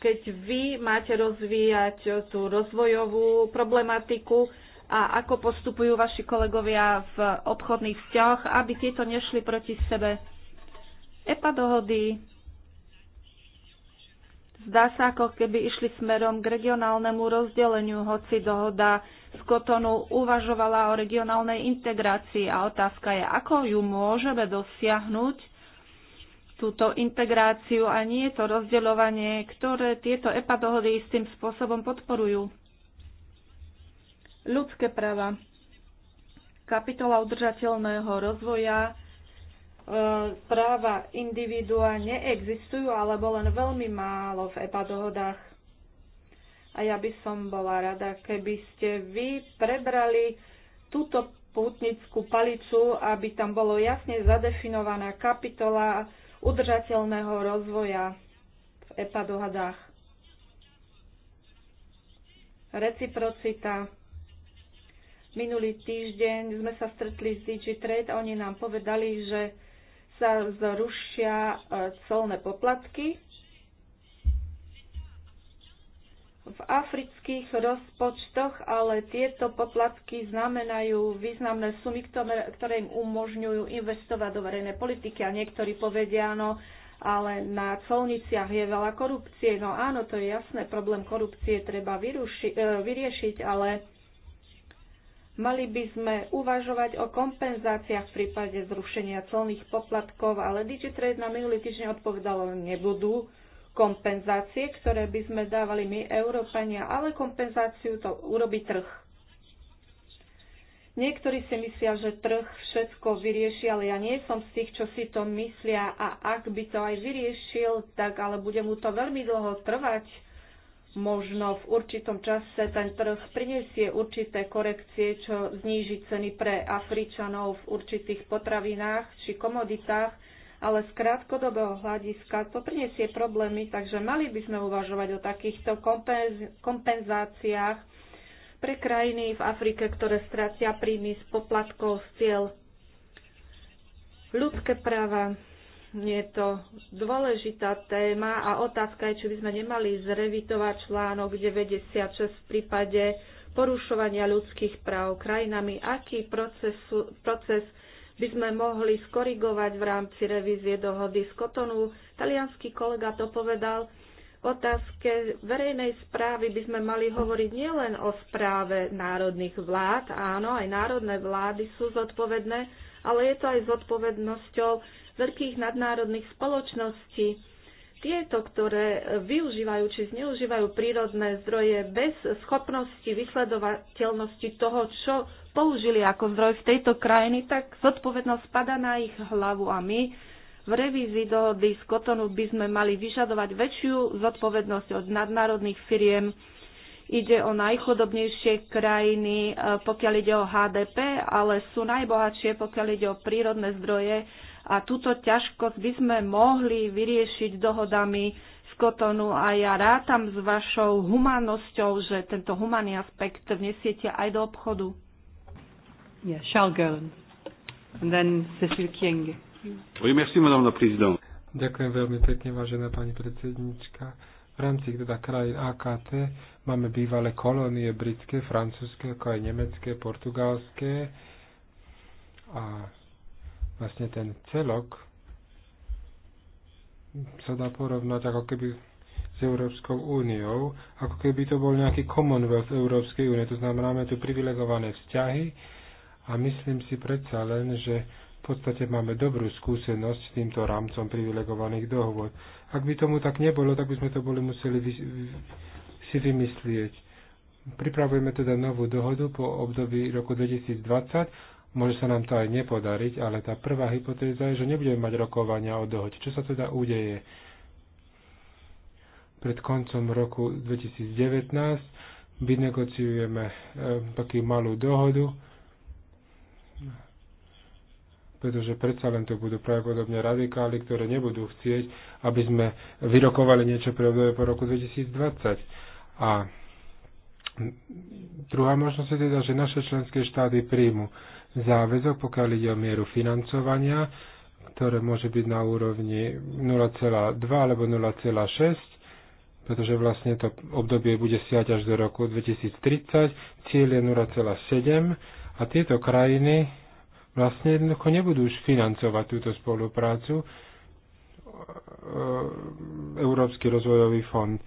keď vy máte rozvíjať tú rozvojovú problematiku a ako postupujú vaši kolegovia v obchodných vzťahoch, aby tieto nešli proti sebe. EPA dohody Zdá sa, ako keby išli smerom k regionálnemu rozdeleniu, hoci dohoda z Kotonu uvažovala o regionálnej integrácii a otázka je, ako ju môžeme dosiahnuť túto integráciu a nie to rozdeľovanie, ktoré tieto EPA dohody istým spôsobom podporujú. Ľudské práva. Kapitola udržateľného rozvoja e, práva individua neexistujú alebo len veľmi málo v EPA dohodách. A ja by som bola rada, keby ste vy prebrali túto pútnickú palicu, aby tam bolo jasne zadefinovaná kapitola udržateľného rozvoja v EPA dohadách. Reciprocita. Minulý týždeň sme sa stretli s DigiTrade a oni nám povedali, že sa zrušia e, colné poplatky v afrických rozpočtoch, ale tieto poplatky znamenajú významné sumy, ktoré im umožňujú investovať do verejnej politiky. A niektorí povedia, no, ale na colniciach je veľa korupcie. No áno, to je jasné, problém korupcie treba vyruši, e, vyriešiť, ale mali by sme uvažovať o kompenzáciách v prípade zrušenia colných poplatkov, ale Digitrade na minulý týždeň odpovedalo, nebudú kompenzácie, ktoré by sme dávali my, Európania, ale kompenzáciu to urobí trh. Niektorí si myslia, že trh všetko vyrieši, ale ja nie som z tých, čo si to myslia a ak by to aj vyriešil, tak ale bude mu to veľmi dlho trvať. Možno v určitom čase ten trh prinesie určité korekcie, čo zníži ceny pre Afričanov v určitých potravinách či komoditách, ale z krátkodobého hľadiska to prinesie problémy, takže mali by sme uvažovať o takýchto kompenzáciách pre krajiny v Afrike, ktoré stratia príjmy z poplatkov z cieľ. Ľudské práva je to dôležitá téma a otázka je, či by sme nemali zrevitovať článok 96 v prípade porušovania ľudských práv krajinami, aký proces, proces by sme mohli skorigovať v rámci revízie dohody z Kotonu. Talianský kolega to povedal. Otázke verejnej správy by sme mali hovoriť nielen o správe národných vlád, áno, aj národné vlády sú zodpovedné, ale je to aj zodpovednosťou veľkých nadnárodných spoločností. Tieto, ktoré využívajú či zneužívajú prírodné zdroje bez schopnosti vysledovateľnosti toho, čo použili ako zdroj v tejto krajiny, tak zodpovednosť spada na ich hlavu a my v revízii dohody z Kotonu by sme mali vyžadovať väčšiu zodpovednosť od nadnárodných firiem. Ide o najchodobnejšie krajiny, e, pokiaľ ide o HDP, ale sú najbohatšie, pokiaľ ide o prírodné zdroje a túto ťažkosť by sme mohli vyriešiť dohodami z Kotonu a ja rátam s vašou humanosťou, že tento humaný aspekt vnesiete aj do obchodu. Yeah, Charles Gerland. And then Cecil Kienge. Oui, merci, madame la présidente. Ďakujem veľmi pekne, vážená pani predsednička. V rámci teda krajín AKT máme bývalé kolónie britské, francúzske, ako aj nemecké, portugalské. A vlastne ten celok sa dá porovnať ako keby s Európskou úniou, ako keby to bol nejaký Commonwealth Európskej únie. To znamená, máme tu privilegované vzťahy, a myslím si predsa len, že v podstate máme dobrú skúsenosť s týmto rámcom privilegovaných dohovor. Ak by tomu tak nebolo, tak by sme to boli museli vy, si vymyslieť. Pripravujeme teda novú dohodu po období roku 2020. Môže sa nám to aj nepodariť, ale tá prvá hypotéza je, že nebudeme mať rokovania o dohode. Čo sa teda udeje? Pred koncom roku 2019 vynegociujeme e, takú malú dohodu, pretože predsa len to budú pravdepodobne radikáli, ktoré nebudú chcieť, aby sme vyrokovali niečo pre obdobie po roku 2020. A druhá možnosť je teda, že naše členské štáty príjmu záväzok, pokiaľ ide o mieru financovania, ktoré môže byť na úrovni 0,2 alebo 0,6, pretože vlastne to obdobie bude siať až do roku 2030, cieľ je 0,7 a tieto krajiny vlastne jednoducho nebudú už financovať túto spoluprácu e, Európsky rozvojový fond.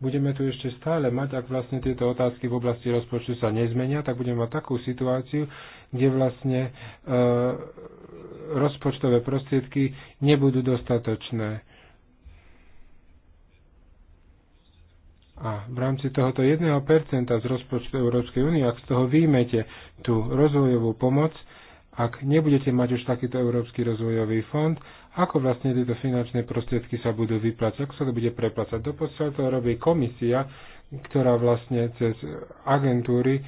Budeme tu ešte stále mať, ak vlastne tieto otázky v oblasti rozpočtu sa nezmenia, tak budeme mať takú situáciu, kde vlastne e, rozpočtové prostriedky nebudú dostatočné. A v rámci tohoto 1% z rozpočtu Európskej únie, ak z toho výjmete tú rozvojovú pomoc, ak nebudete mať už takýto Európsky rozvojový fond, ako vlastne tieto finančné prostriedky sa budú vyplácať, ako sa to bude preplácať. Doposiaľ to robí komisia, ktorá vlastne cez agentúry e,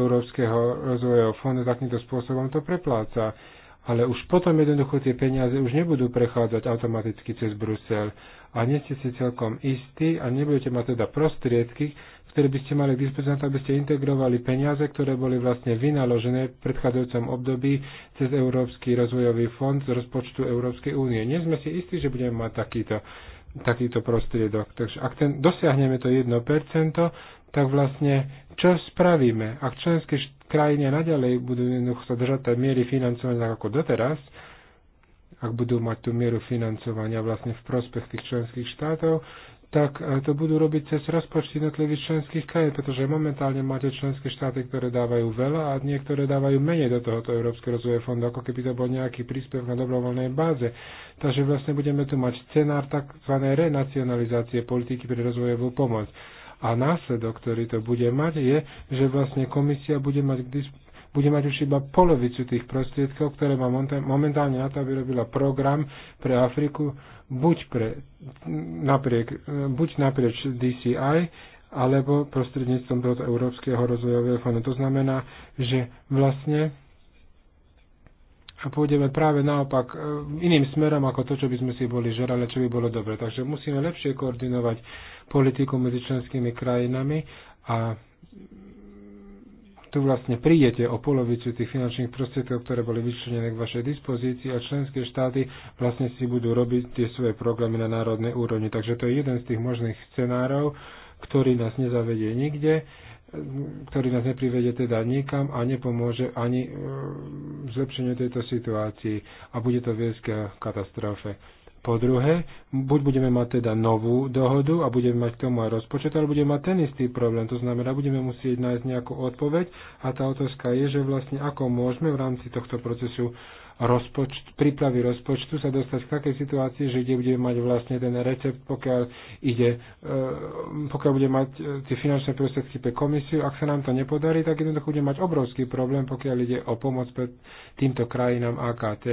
Európskeho rozvojového fondu takýmto spôsobom to prepláca ale už potom jednoducho tie peniaze už nebudú prechádzať automaticky cez Brusel a nie ste si celkom istí a nebudete mať teda prostriedky, ktoré by ste mali k dispozícii, aby ste integrovali peniaze, ktoré boli vlastne vynaložené v predchádzajúcom období cez Európsky rozvojový fond z rozpočtu Európskej únie. Nie sme si istí, že budeme mať takýto, takýto prostriedok. Takže ak ten, dosiahneme to 1%, tak vlastne čo spravíme? Ak členské št- krajiny naďalej budú jednoducho sa držať tej miery financovania ako doteraz, ak budú mať tú mieru financovania vlastne v prospech tých členských štátov, tak eh, to budú robiť cez rozpočty jednotlivých členských krajín, pretože momentálne máte členské štáty, ktoré dávajú veľa a niektoré dávajú menej do tohoto Európskeho rozvoja fondu, ako keby to bol nejaký príspevok na dobrovoľnej báze. Takže vlastne budeme tu mať scenár tzv. renacionalizácie politiky pre rozvojovú pomoc. A následok, ktorý to bude mať, je, že vlastne komisia bude mať bude mať už iba polovicu tých prostriedkov, ktoré má momentálne na to, aby robila program pre Afriku, buď, pre, napriek, buď naprieč DCI, alebo prostredníctvom tohoto Európskeho rozvojového fondu. To znamená, že vlastne a pôjdeme práve naopak e, iným smerom ako to, čo by sme si boli žerali, čo by bolo dobre. Takže musíme lepšie koordinovať politiku medzi členskými krajinami a tu vlastne prídete o polovicu tých finančných prostriedkov, ktoré boli vyčlenené k vašej dispozícii a členské štáty vlastne si budú robiť tie svoje programy na národnej úrovni. Takže to je jeden z tých možných scenárov, ktorý nás nezavedie nikde, ktorý nás neprivede teda nikam a nepomôže ani e, zlepšeniu tejto situácii a bude to viesť k katastrofe. Po druhé, buď budeme mať teda novú dohodu a budeme mať k tomu aj rozpočet, ale budeme mať ten istý problém. To znamená, budeme musieť nájsť nejakú odpoveď a tá otázka je, že vlastne ako môžeme v rámci tohto procesu rozpočt, prípravy rozpočtu sa dostať k takej situácii, že kde budeme mať vlastne ten recept, pokiaľ, ide, e, pokiaľ bude mať e, tie finančné prostriedky pre komisiu. Ak sa nám to nepodarí, tak jednoducho bude mať obrovský problém, pokiaľ ide o pomoc pred týmto krajinám AKT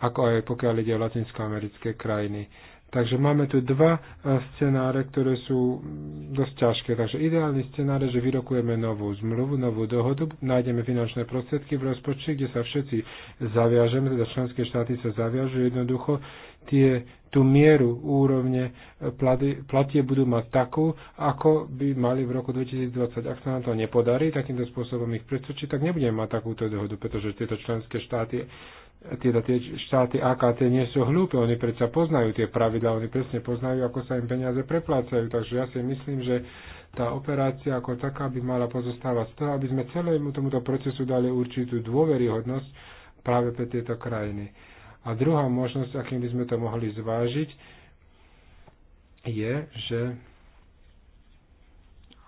ako aj pokiaľ ide o latinskoamerické krajiny. Takže máme tu dva e, scenáre, ktoré sú dosť ťažké. Takže ideálny scenár je, že vyrokujeme novú zmluvu, novú dohodu, nájdeme finančné prostriedky v rozpočte, kde sa všetci zaviažeme, teda členské štáty sa zaviažujú jednoducho, tie, tú mieru úrovne e, platy, platie budú mať takú, ako by mali v roku 2020. Ak sa nám to nepodarí, takýmto spôsobom ich presvedčiť, tak nebudeme mať takúto dohodu, pretože tieto členské štáty teda tie štáty AKT nie sú hlúpe, oni predsa poznajú tie pravidla, oni presne poznajú, ako sa im peniaze preplácajú. Takže ja si myslím, že tá operácia ako taká by mala pozostávať z toho, aby sme celému tomuto procesu dali určitú dôveryhodnosť práve pre tieto krajiny. A druhá možnosť, akým by sme to mohli zvážiť, je, že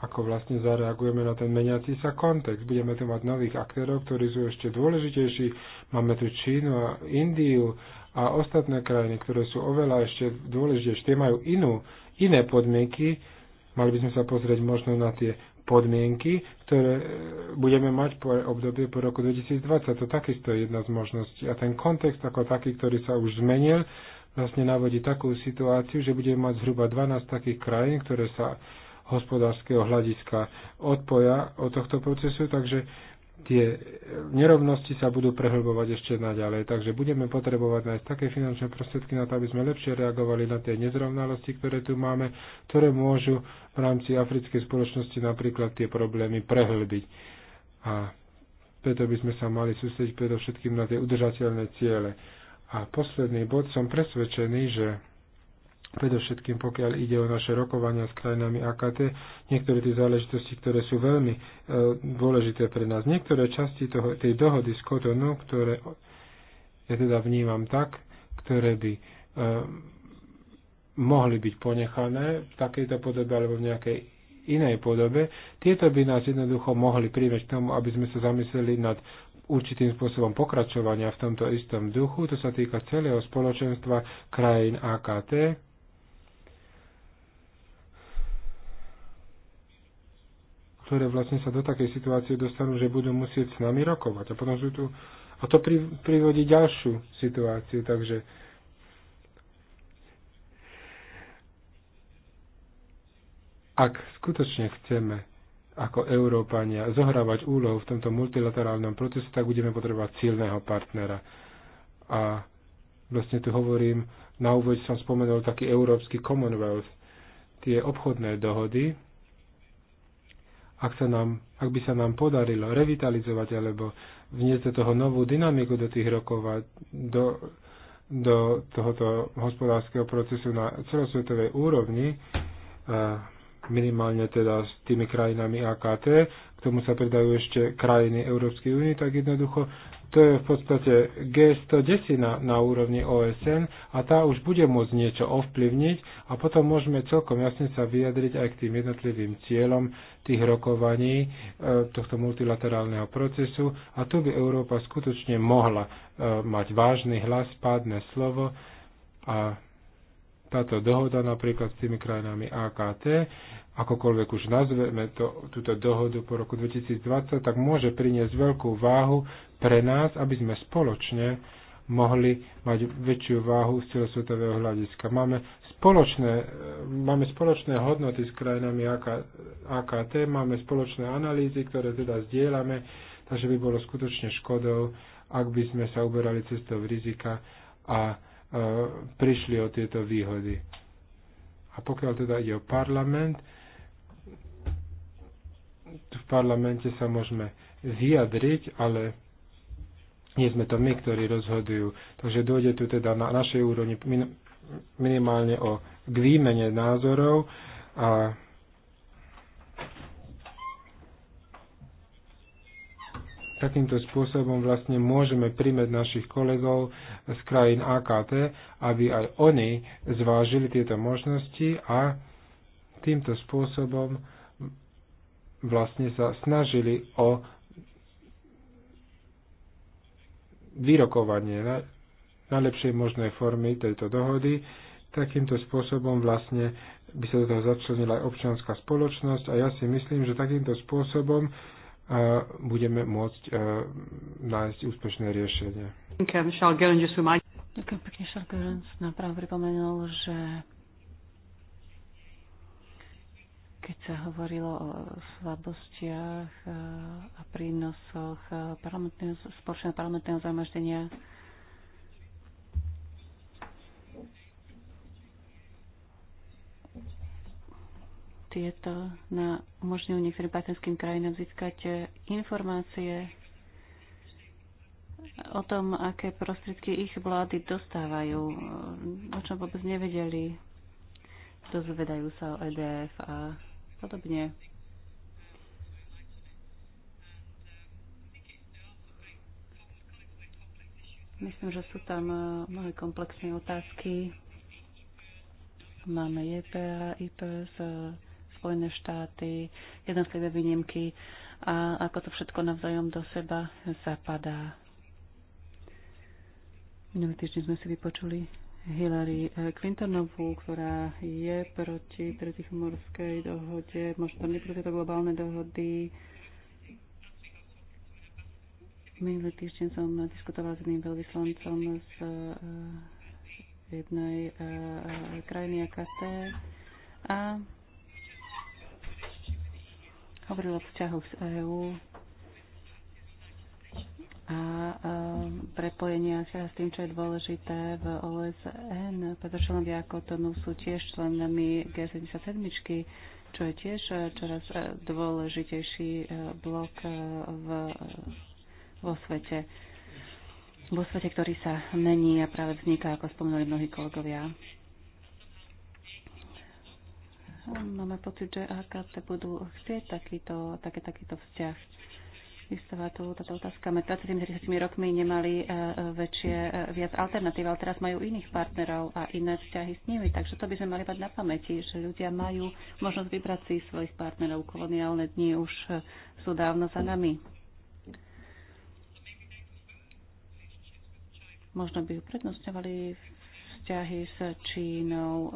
ako vlastne zareagujeme na ten meniaci sa kontext. Budeme tu mať nových aktérov, ktorí sú ešte dôležitejší. Máme tu Čínu a Indiu a ostatné krajiny, ktoré sú oveľa ešte dôležitejšie, tie majú inú, iné podmienky. Mali by sme sa pozrieť možno na tie podmienky, ktoré e, budeme mať po obdobie po roku 2020. To takisto je jedna z možností. A ten kontext ako taký, ktorý sa už zmenil, vlastne navodí takú situáciu, že budeme mať zhruba 12 takých krajín, ktoré sa hospodárskeho hľadiska odpoja od tohto procesu, takže tie nerovnosti sa budú prehlbovať ešte naďalej. Takže budeme potrebovať nájsť také finančné prostriedky na to, aby sme lepšie reagovali na tie nezrovnalosti, ktoré tu máme, ktoré môžu v rámci africkej spoločnosti napríklad tie problémy prehlbiť. A preto by sme sa mali sústrediť predovšetkým na tie udržateľné ciele. A posledný bod, som presvedčený, že predovšetkým pokiaľ ide o naše rokovania s krajinami AKT, niektoré tie záležitosti, ktoré sú veľmi e, dôležité pre nás. Niektoré časti toho, tej dohody s Kotonu, ktoré ja teda vnímam tak, ktoré by e, mohli byť ponechané v takejto podobe alebo v nejakej inej podobe, tieto by nás jednoducho mohli príjmeť k tomu, aby sme sa zamysleli nad určitým spôsobom pokračovania v tomto istom duchu. To sa týka celého spoločenstva krajín AKT, ktoré vlastne sa do takej situácie dostanú, že budú musieť s nami rokovať. A potom sú tu a to pri, privodí ďalšiu situáciu, takže ak skutočne chceme ako Európania zohrávať úlohu v tomto multilaterálnom procese, tak budeme potrebovať silného partnera. A vlastne tu hovorím, na úvod som spomenul taký európsky Commonwealth, tie obchodné dohody, ak, sa nám, ak by sa nám podarilo revitalizovať alebo vniesť do toho novú dynamiku do tých rokov do, do tohoto hospodárskeho procesu na celosvetovej úrovni, minimálne teda s tými krajinami AKT, k tomu sa pridajú ešte krajiny Európskej únie, tak jednoducho to je v podstate G110 na, na úrovni OSN a tá už bude môcť niečo ovplyvniť a potom môžeme celkom jasne sa vyjadriť aj k tým jednotlivým cieľom tých rokovaní e, tohto multilaterálneho procesu a tu by Európa skutočne mohla e, mať vážny hlas, pádne slovo a táto dohoda napríklad s tými krajinami AKT akokoľvek už nazveme to, túto dohodu po roku 2020, tak môže priniesť veľkú váhu pre nás, aby sme spoločne mohli mať väčšiu váhu z celosvetového hľadiska. Máme spoločné, máme spoločné hodnoty s krajinami AKT, máme spoločné analýzy, ktoré teda zdieľame, takže by bolo skutočne škodou, ak by sme sa uberali cestou rizika a e, prišli o tieto výhody. A pokiaľ teda ide o parlament, parlamente sa môžeme vyjadriť, ale nie sme to my, ktorí rozhodujú. Takže dojde tu teda na našej úrovni minimálne o k výmene názorov a takýmto spôsobom vlastne môžeme primeť našich kolegov z krajín AKT, aby aj oni zvážili tieto možnosti a týmto spôsobom vlastne sa snažili o vyrokovanie na najlepšej možnej formy tejto dohody. Takýmto spôsobom vlastne by sa do toho začlenila aj občianská spoločnosť a ja si myslím, že takýmto spôsobom budeme môcť nájsť úspešné riešenie. Ďakujem pekne, Charles Görens pripomenul, že keď sa hovorilo o slabostiach e, a prínosoch e, parlamentného, spoločného parlamentného zamaždenia, tieto na, umožňujú niektorým partnerským krajinám získať e, informácie o tom, aké prostriedky ich vlády dostávajú, o čom vôbec nevedeli. Dozvedajú sa o EDF a podobne. Myslím, že sú tam e, mnohé komplexné otázky. Máme JPA, e IPS, e, Spojené štáty, jednotlivé výnimky a ako to všetko navzájom do seba zapadá. Minulý týždeň sme si vypočuli Hillary eh, Clintonovú, ktorá je proti tretichomorskej dohode, možno tam nebudú tieto globálne dohody. Minulý týždeň som diskutovala s jedným veľvyslancom z eh, jednej eh, krajiny AKT a hovorila o vzťahoch z EÚ a sa s tým, čo je dôležité v OSN, pretože členovia ako Tonu sú tiež členami G77, čo je tiež e, čoraz e, dôležitejší e, blok v, vo svete. Vo svete, ktorý sa mení a práve vzniká, ako spomenuli mnohí kolegovia. Máme pocit, že AKT budú chcieť takýto, také, takýto vzťah vystáva tu táto otázka. Med 30 rokmi nemali e, väčšie, e, viac alternatív, ale teraz majú iných partnerov a iné vzťahy s nimi. Takže to by sme mali mať na pamäti, že ľudia majú možnosť vybrať si svojich partnerov. Koloniálne dni už e, sú dávno za nami. Možno by uprednostňovali vzťahy s Čínou,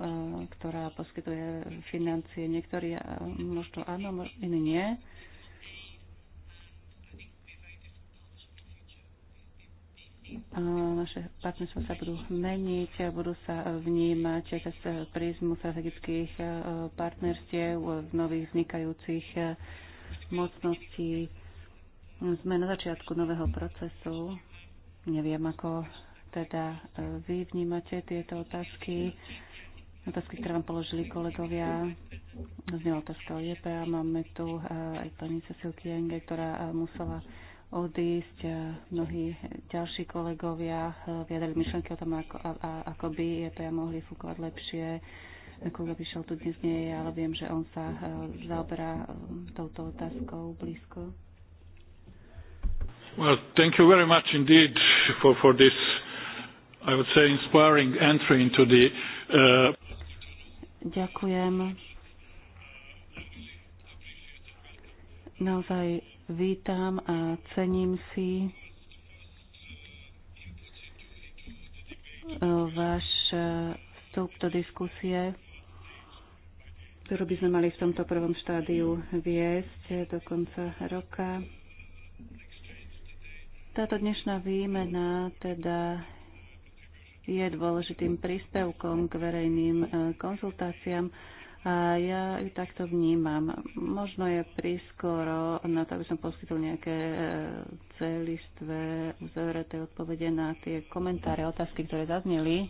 ktorá poskytuje financie. Niektorí možno áno, iní nie naše partnerstva sa budú meniť, budú sa vnímať cez prízmu strategických e, partnerstiev v nových vznikajúcich e, mocností. Sme na začiatku nového procesu. Neviem, ako teda e, vy vnímate tieto otázky. Otázky, ktoré vám položili kolegovia. Znela otázka o JPA. máme tu aj pani Cecilky Jenge, ktorá musela odísť. Mnohí ďalší kolegovia eh, vyjadali myšlenky o tom, ako, a, ako by je to ja mohli fúkovať lepšie. Kolega Vyšel tu dnes nie je, ale viem, že on sa eh, zaoberá eh, touto otázkou blízko. Well, thank you very much indeed for, for this, I would say, inspiring entry into the... Uh... Ďakujem. Naozaj vítam a cením si e, váš e, vstup do diskusie, ktorú by sme mali v tomto prvom štádiu viesť do konca roka. Táto dnešná výmena teda je dôležitým príspevkom k verejným e, konzultáciám, a ja ju takto vnímam. Možno je prískoro na to, aby som poskytol nejaké e, celistvé, uzavreté odpovede na tie komentáre, otázky, ktoré zazneli.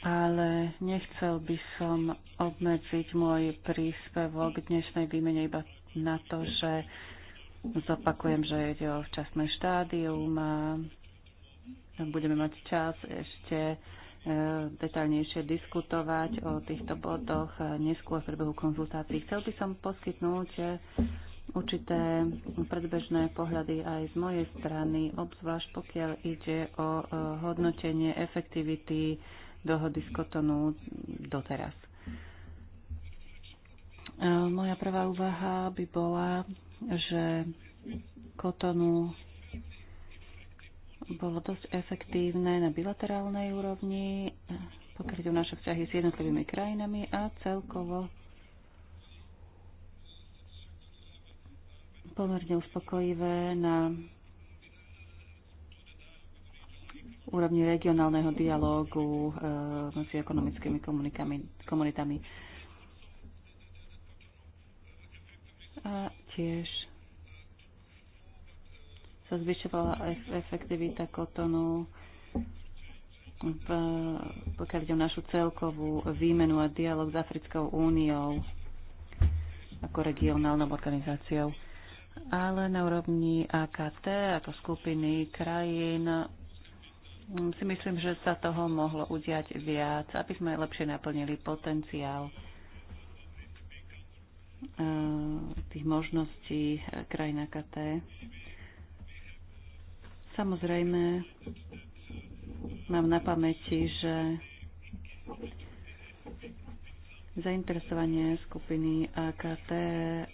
Ale nechcel by som obmedziť môj príspevok k dnešnej výmene iba na to, že zopakujem, že ide o včasné štádium a budeme mať čas ešte E, detaľnejšie diskutovať o týchto bodoch e, neskôr v priebehu konzultácií. Chcel by som poskytnúť e, určité predbežné pohľady aj z mojej strany, obzvlášť pokiaľ ide o hodnotenie efektivity dohody z Kotonu doteraz. Moja prvá úvaha by bola, že Kotonu bolo dosť efektívne na bilaterálnej úrovni, pokiaľ naše vzťahy s jednotlivými krajinami a celkovo pomerne uspokojivé na úrovni regionálneho dialógu eh, medzi ekonomickými komunitami. A tiež sa zvyšovala efektivita kotonu, pokiaľ ide o našu celkovú výmenu a dialog s Africkou úniou ako regionálnou organizáciou. Ale na úrovni AKT, ako skupiny krajín, si myslím, že sa toho mohlo udiať viac, aby sme lepšie naplnili potenciál eh, tých možností eh, krajín AKT. Samozrejme, mám na pamäti, že zainteresovanie skupiny AKT eh,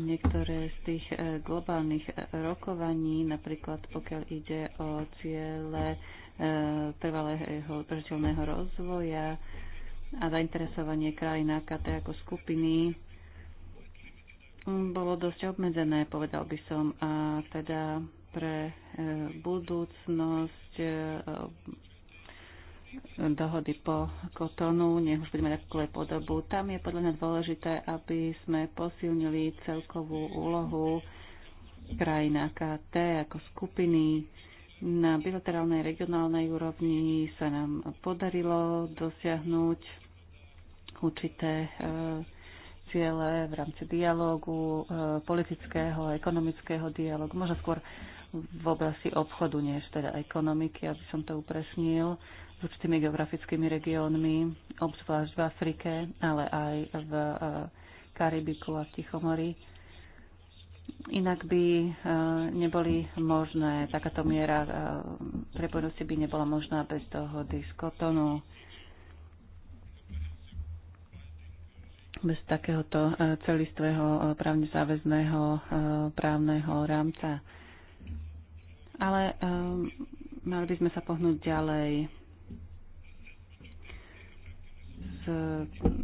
niektoré z tých eh, globálnych eh, rokovaní, napríklad pokiaľ ide o ciele trvalého udržateľného rozvoja a zainteresovanie krajín AKT ako skupiny mm, bolo dosť obmedzené, povedal by som. A teda pre e, budúcnosť e, dohody po kotonu, nech už budeme takové podobu. Tam je podľa mňa dôležité, aby sme posilnili celkovú úlohu krajina KT, ako skupiny. Na bilaterálnej regionálnej úrovni sa nám podarilo dosiahnuť určité e, ciele v rámci dialógu, politického, ekonomického dialogu, možno skôr v oblasti obchodu, než teda ekonomiky, aby som to upresnil, s určitými geografickými regiónmi, obzvlášť v Afrike, ale aj v eh, Karibiku a v Tichomori. Inak by eh, neboli možné, takáto miera eh, prepojenosti by nebola možná bez dohody z kotonu, bez takéhoto celistvého právne záväzného právneho rámca ale um, mali by sme sa pohnúť ďalej z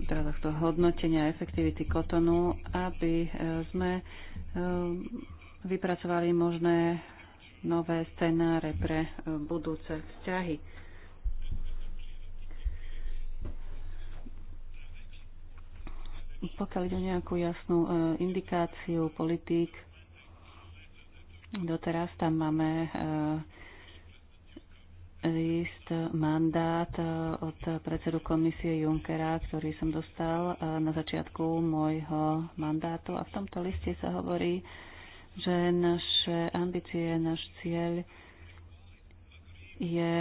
teda tohto hodnotenia efektivity kotonu, aby e, sme um, vypracovali možné nové scenáre pre e, budúce vzťahy. Pokiaľ ide o nejakú jasnú e, indikáciu politík, Doteraz tam máme e, list, mandát e, od predsedu komisie Junckera, ktorý som dostal e, na začiatku môjho mandátu. A v tomto liste sa hovorí, že naše ambície, náš cieľ je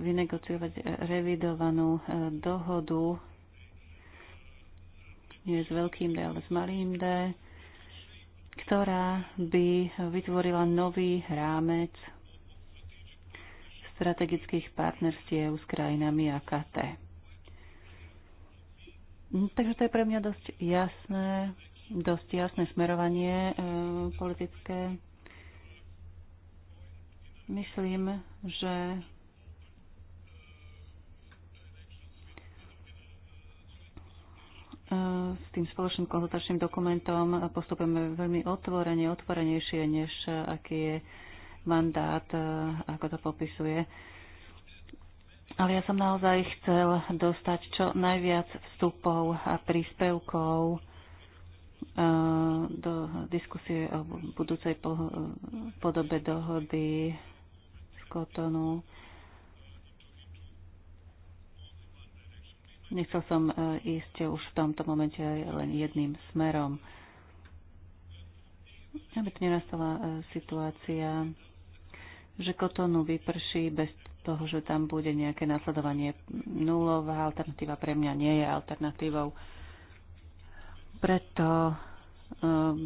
vynegociovať revidovanú dohodu nie s veľkým D, ale s malým D, ktorá by vytvorila nový rámec strategických partnerstiev s krajinami AKT. Mm, takže to je pre mňa dosť jasné, dosť jasné smerovanie e, politické. Myslím, že s tým spoločným konzultačným dokumentom postupujeme veľmi otvorene, otvorenejšie, než e, aký je mandát, e, ako to popisuje. Ale ja som naozaj chcel dostať čo najviac vstupov a príspevkov e, do diskusie o budúcej podobe dohody z Kotonu. Nechcel som e, ísť už v tomto momente len jedným smerom. Aby tu nenastala e, situácia, že kotonu vyprší bez toho, že tam bude nejaké nasledovanie nulová alternatíva pre mňa nie je alternatívou. Preto e,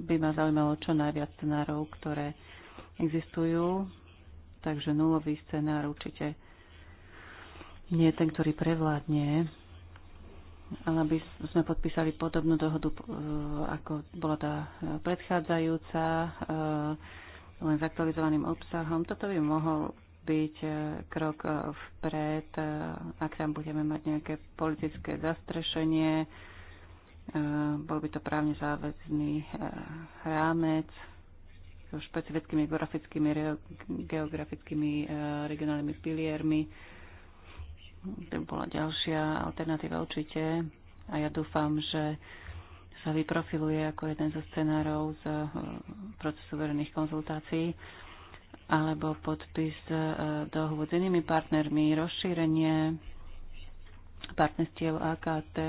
by ma zaujímalo čo najviac scenárov, ktoré existujú. Takže nulový scenár určite nie je ten, ktorý prevládne aby sme podpísali podobnú dohodu, eh, ako bola tá eh, predchádzajúca, eh, len s aktualizovaným obsahom. Toto by mohol byť krok vpred, ak tam budeme mať nejaké politické zastrešenie. Bol by to právne záväzný rámec so špecifickými geografickými, geografickými regionálnymi piliermi to bola ďalšia alternatíva určite a ja dúfam, že sa vyprofiluje ako jeden zo scenárov z e, procesu verejných konzultácií alebo podpis e, dohôd s inými partnermi, rozšírenie partnerstiev AKT e,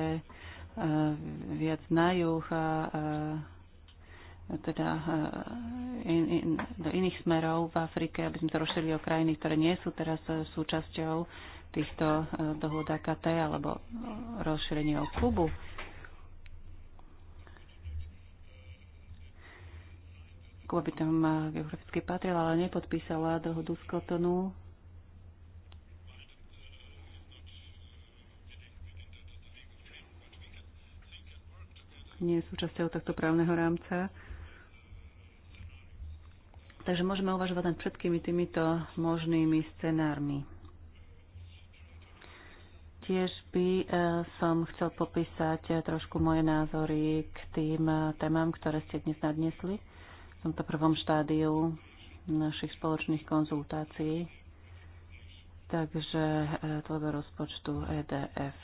viac na juh a teda in, in, do iných smerov v Afrike, aby sme to rozšírili o krajiny, ktoré nie sú teraz súčasťou týchto e, dohôd AKT alebo e, rozšírenie o Kubu. Kuba by tam geograficky patrila, ale nepodpísala dohodu z Kotonu. Nie je súčasťou tohto právneho rámca. Takže môžeme uvažovať nad všetkými týmito možnými scenármi. Tiež by e, som chcel popísať e, trošku moje názory k tým e, témam, ktoré ste dnes nadnesli v tomto prvom štádiu našich spoločných konzultácií. Takže tvorbe rozpočtu EDF.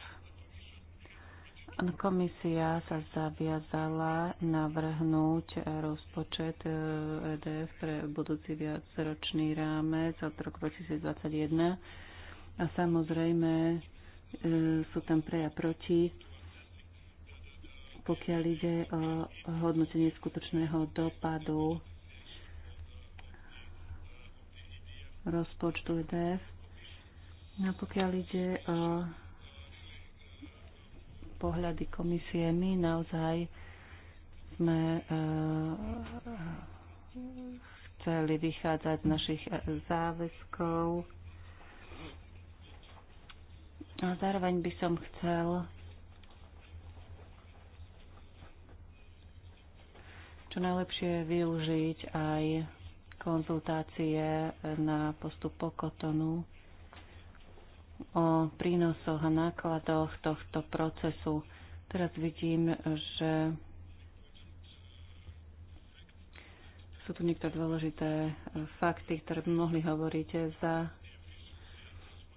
Komisia sa zaviazala navrhnúť rozpočet EDF pre budúci viacročný rámec od roku 2021 a samozrejme E, sú tam pre a proti, pokiaľ ide o hodnotenie skutočného dopadu rozpočtu EDF. A no, pokiaľ ide o pohľady komisie, my naozaj sme e, chceli vychádzať z našich e, záväzkov a zároveň by som chcel čo najlepšie využiť aj konzultácie na postup po kotonu o prínosoch a nákladoch tohto procesu. Teraz vidím, že sú tu niektoré dôležité fakty, ktoré by mohli hovoriť za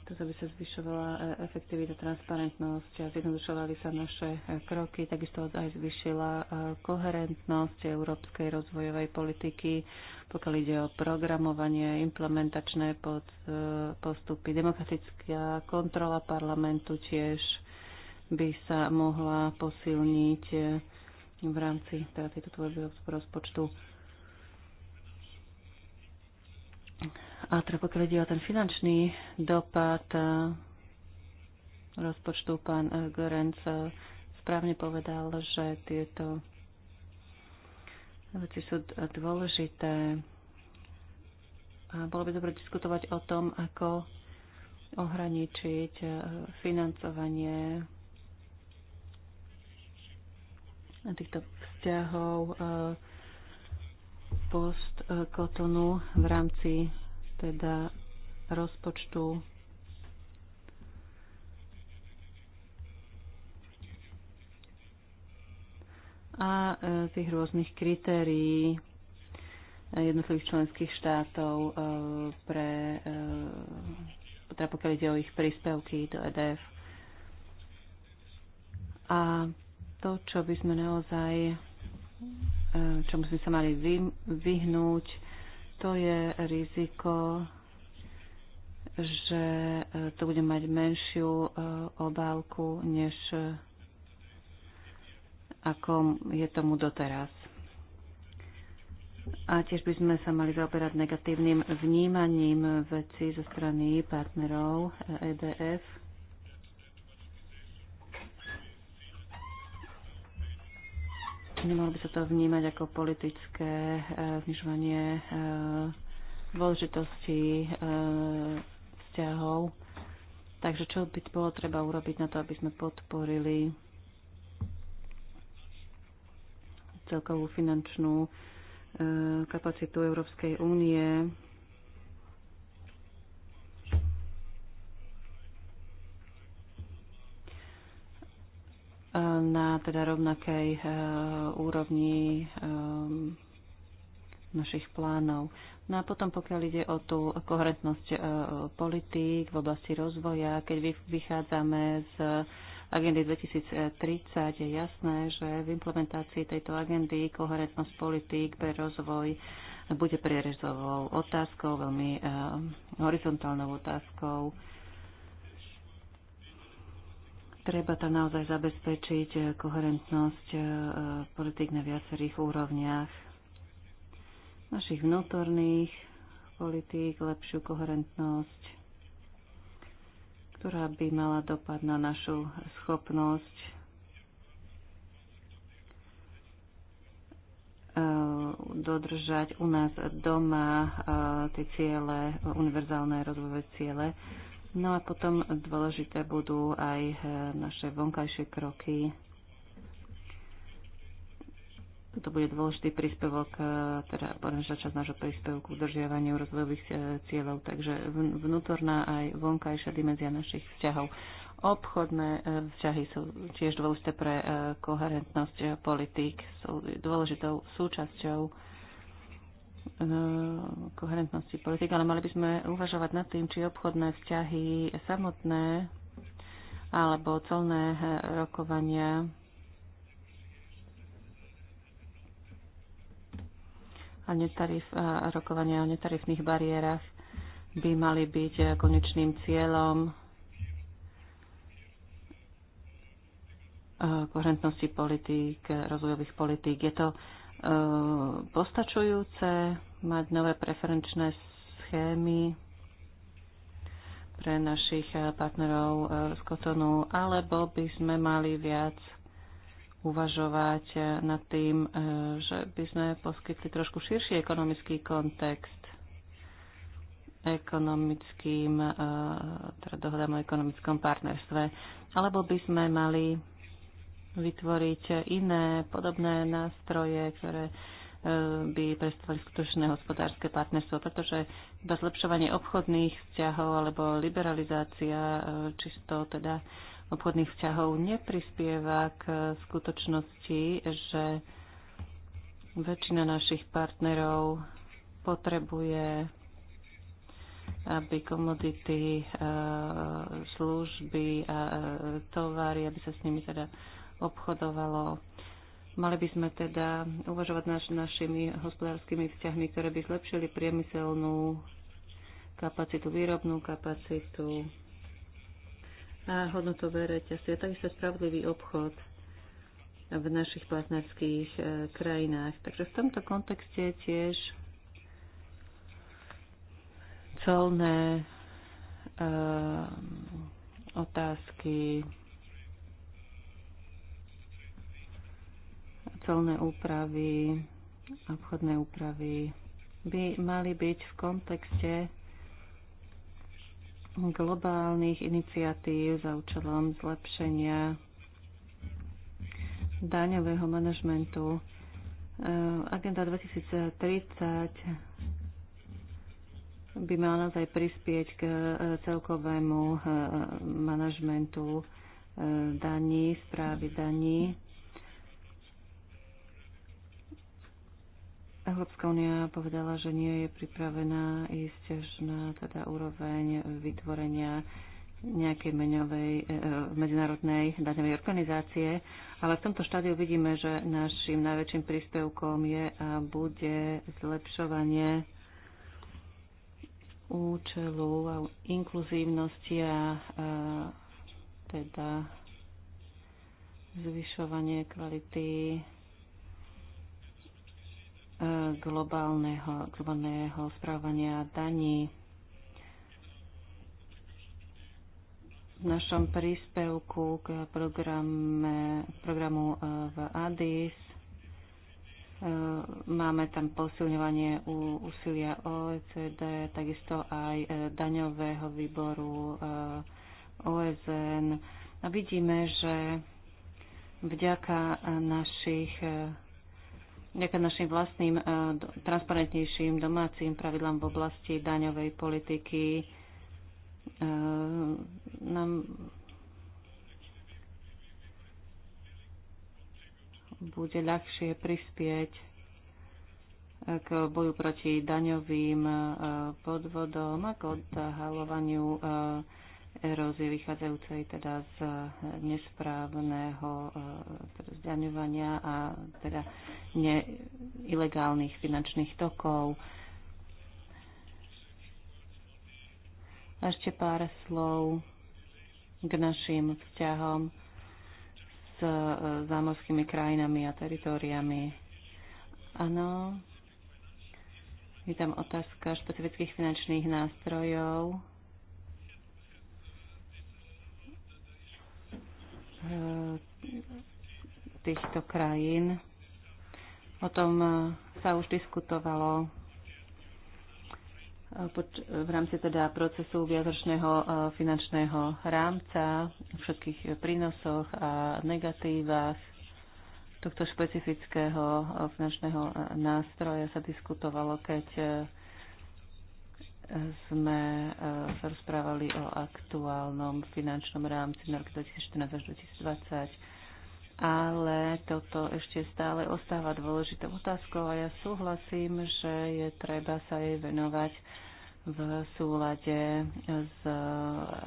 toto by sa zvyšovala e, efektivita, transparentnosť a zjednodušovali sa naše e, kroky. Takisto aj zvyšila e, koherentnosť európskej rozvojovej politiky, pokiaľ ide o programovanie, implementačné pod, postupy, demokratická kontrola parlamentu tiež by sa mohla posilniť v rámci teda tejto tvorby rozpočtu. A teda pokiaľ ide o ten finančný dopad e, rozpočtu, pán e, Gorenc e, správne povedal, že tieto veci sú dôležité. A bolo by dobre diskutovať o tom, ako ohraničiť financovanie týchto vzťahov post kotonu v rámci teda rozpočtu a e, tých rôznych kritérií jednotlivých členských štátov e, pre, e, teda pokiaľ ide o ich príspevky do EDF. A to, čo by sme naozaj E, čomu sme sa mali vyhnúť, to je riziko, že e, to bude mať menšiu e, obálku, než ako je tomu doteraz. A tiež by sme sa mali zaoberať negatívnym vnímaním veci zo strany partnerov EDF Nemohlo by sa to vnímať ako politické eh, znižovanie eh, dôležitosti eh, vzťahov. Takže čo by bolo treba urobiť na to, aby sme podporili celkovú finančnú kapacitu Európskej únie na teda rovnakej eh, úrovni eh, našich plánov. No a potom, pokiaľ ide o tú koherentnosť eh, politík v oblasti rozvoja, keď vychádzame z agendy 2030, je jasné, že v implementácii tejto agendy koherentnosť politík pre rozvoj bude prierezovou otázkou, veľmi horizontálnou otázkou Treba tam naozaj zabezpečiť eh, koherentnosť eh, politik na viacerých úrovniach našich vnútorných politík, lepšiu koherentnosť, ktorá by mala dopad na našu schopnosť eh, dodržať u nás doma tie ciele, univerzálne rozvojové ciele No a potom dôležité budú aj eh, naše vonkajšie kroky. To bude dôležitý príspevok, eh, teda poranžná časť nášho príspevku k udržiavaniu rozvojových eh, cieľov. Takže vnútorná aj vonkajšia dimenzia našich vzťahov. Obchodné vzťahy sú tiež dôležité pre koherentnosť politík, sú dôležitou súčasťou Eh, koherentnosti politik, ale mali by sme uvažovať nad tým, či obchodné vzťahy samotné alebo colné rokovania a netarif, a eh, rokovania o netarifných bariérach by mali byť konečným cieľom eh, koherentnosti politík, rozvojových politík. Je to Ehm, postačujúce mať nové preferenčné schémy pre našich eh, partnerov eh, z Kotonu, alebo by sme mali viac uvažovať eh, nad tým, že by sme poskytli trošku širší ekonomický kontext ekonomickým, teda dohodám o ekonomickom partnerstve, alebo by sme mali vytvoriť iné podobné nástroje, ktoré e, by predstavovali skutočné hospodárske partnerstvo, pretože iba zlepšovanie obchodných vzťahov alebo liberalizácia e, čisto teda obchodných vzťahov neprispieva k skutočnosti, že väčšina našich partnerov potrebuje, aby komodity, e, služby a tovary, aby sa s nimi teda obchodovalo. Mali by sme teda uvažovať naš, našimi hospodárskymi vzťahmi, ktoré by zlepšili priemyselnú kapacitu, výrobnú kapacitu a hodnotové reťazce. Takisto spravodlivý obchod v našich partnerských e, krajinách. Takže v tomto kontexte tiež colné e, otázky, celné úpravy, obchodné úpravy by mali byť v kontexte globálnych iniciatív za účelom zlepšenia daňového manažmentu. Eh, Agenda 2030 by mala naozaj prispieť k eh, celkovému eh, manažmentu daní, správy daní Európska únia povedala, že nie je pripravená ísť až na teda úroveň vytvorenia nejakej meňovej, e, e, medzinárodnej daňovej organizácie, ale v tomto štádiu vidíme, že našim najväčším príspevkom je a bude zlepšovanie účelu a inkluzívnosti a e, teda zvyšovanie kvality globálneho, globálneho správania daní. V našom príspevku k programe, programu eh, v ADIS eh, máme tam posilňovanie úsilia OECD, takisto aj eh, daňového výboru OSN. E A vidíme, že vďaka našich vďaka našim vlastným e, transparentnejším domácim pravidlám v oblasti daňovej politiky e, nám bude ľahšie prispieť e, k boju proti daňovým podvodom a k odhalovaniu erózie vychádzajúcej teda z nesprávneho e, teda zdaňovania a teda neilegálnych ilegálnych finančných tokov. ešte pár slov k našim vzťahom s e, zámorskými krajinami a teritóriami. Áno, je tam otázka špecifických finančných nástrojov E, týchto krajín. O tom e, sa už diskutovalo e, v rámci teda procesu viacročného finančného rámca, všetkých prínosoch a negatívach tohto špecifického finančného nástroja sa diskutovalo, keď sme e, sa rozprávali o aktuálnom finančnom rámci na rok 2014 až 2020, ale toto ešte stále ostáva dôležitou otázkou a ja súhlasím, že je treba sa jej venovať v súlade s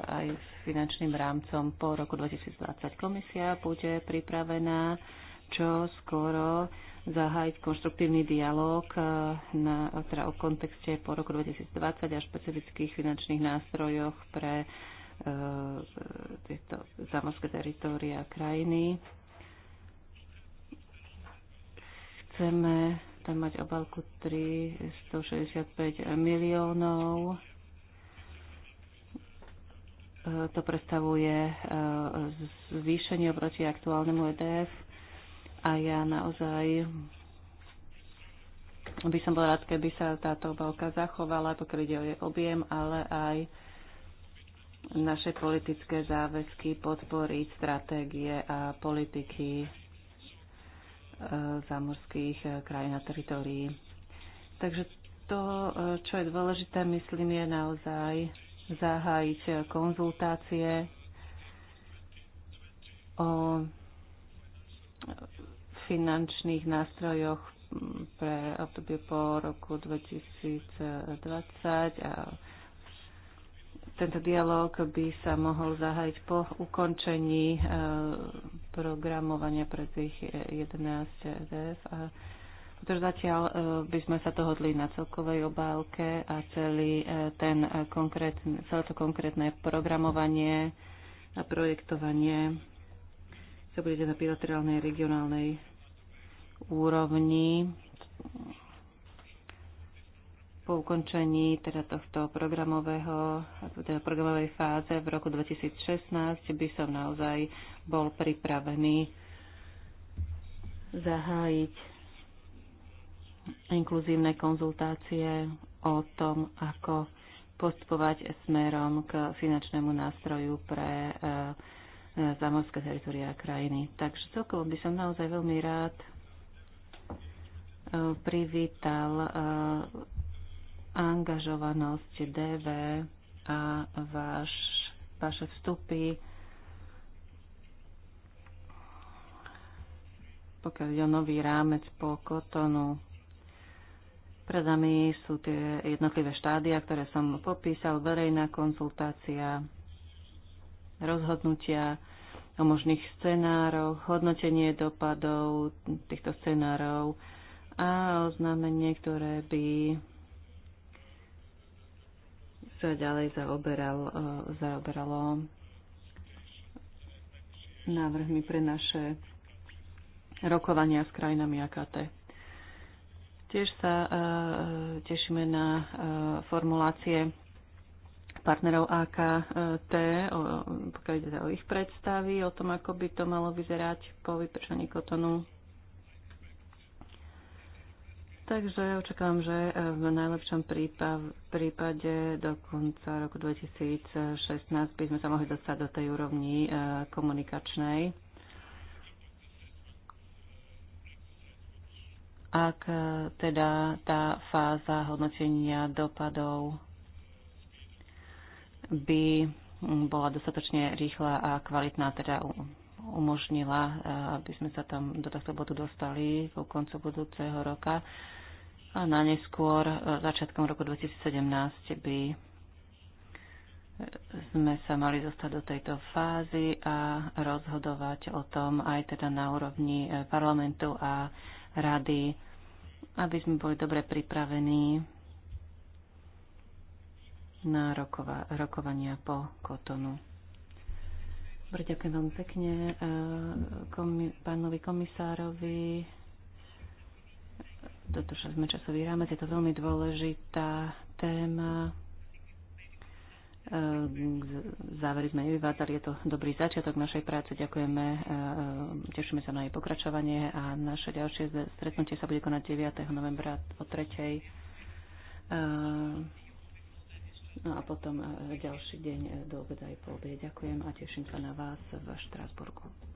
aj s finančným rámcom po roku 2020. Komisia bude pripravená čo skoro zahájiť konštruktívny dialog eh, na, teda o kontexte po roku 2020 a špecifických finančných nástrojoch pre e, tieto zamorské teritória krajiny. Chceme tam mať obalku 365 miliónov eh, to predstavuje zvýšenie oproti aktuálnemu EDF a ja naozaj by som bol rád, keby sa táto obálka zachovala, pokiaľ ide o jej objem, ale aj naše politické záväzky podporiť stratégie a politiky e, zámorských e, krajín a teritorií. Takže to, e, čo je dôležité, myslím, je naozaj zahájiť konzultácie o finančných nástrojoch mm, pre obdobie po roku 2020 a tento dialog by sa mohol zahájiť po ukončení e, programovania pre tých 11 EDF a pretože zatiaľ e, by sme sa dohodli na celkovej obálke a celý e, ten konkrétne, celé to konkrétne programovanie a projektovanie sa bude na bilaterálnej regionálnej úrovni po ukončení teda tohto programového, teda programovej fáze v roku 2016 by som naozaj bol pripravený zahájiť inkluzívne konzultácie o tom, ako postupovať smerom k finančnému nástroju pre eh, eh, zamorské teritoria krajiny. Takže celkovo by som naozaj veľmi rád Eh, privítal eh, angažovanosť DV a váš, vaše vstupy, pokiaľ je o nový rámec po kotonu. Pred nami sú tie jednotlivé štádia, ktoré som popísal, verejná konzultácia, rozhodnutia o možných scenároch, hodnotenie dopadov týchto scenárov, a oznámenie, ktoré by sa ďalej zaoberal, e, zaoberalo návrhmi pre naše rokovania s krajinami AKT. Tiež sa e, e, tešíme na formulácie partnerov AKT, pokiaľ ide o ich predstavy, o tom, ako by to malo vyzerať po vypršaní kotonu Takže očakávam, že eh, v najlepšom prípade do konca roku 2016 by sme sa mohli dostať do tej úrovni eh, komunikačnej. Ak eh, teda tá fáza hodnotenia dopadov by mm, bola dostatočne rýchla a kvalitná, teda umožnila, aby sme sa tam do tohto bodu dostali po koncu budúceho roka a na neskôr e, začiatkom roku 2017 by e, sme sa mali zostať do tejto fázy a rozhodovať o tom aj teda na úrovni e, parlamentu a rady, aby sme boli dobre pripravení na rokova, rokovania po Kotonu. Dobre, ďakujem veľmi pekne komi, pánovi komisárovi dodržali sme časový rámec. Je to veľmi dôležitá téma. E, závery sme nevyvádzali, je to dobrý začiatok našej práce. Ďakujeme, e, e, tešíme sa na jej pokračovanie a naše ďalšie stretnutie sa bude konať 9. novembra o 3. No a potom ďalší deň do obeda aj po obede. Ďakujem a teším sa na vás v Štrásburgu.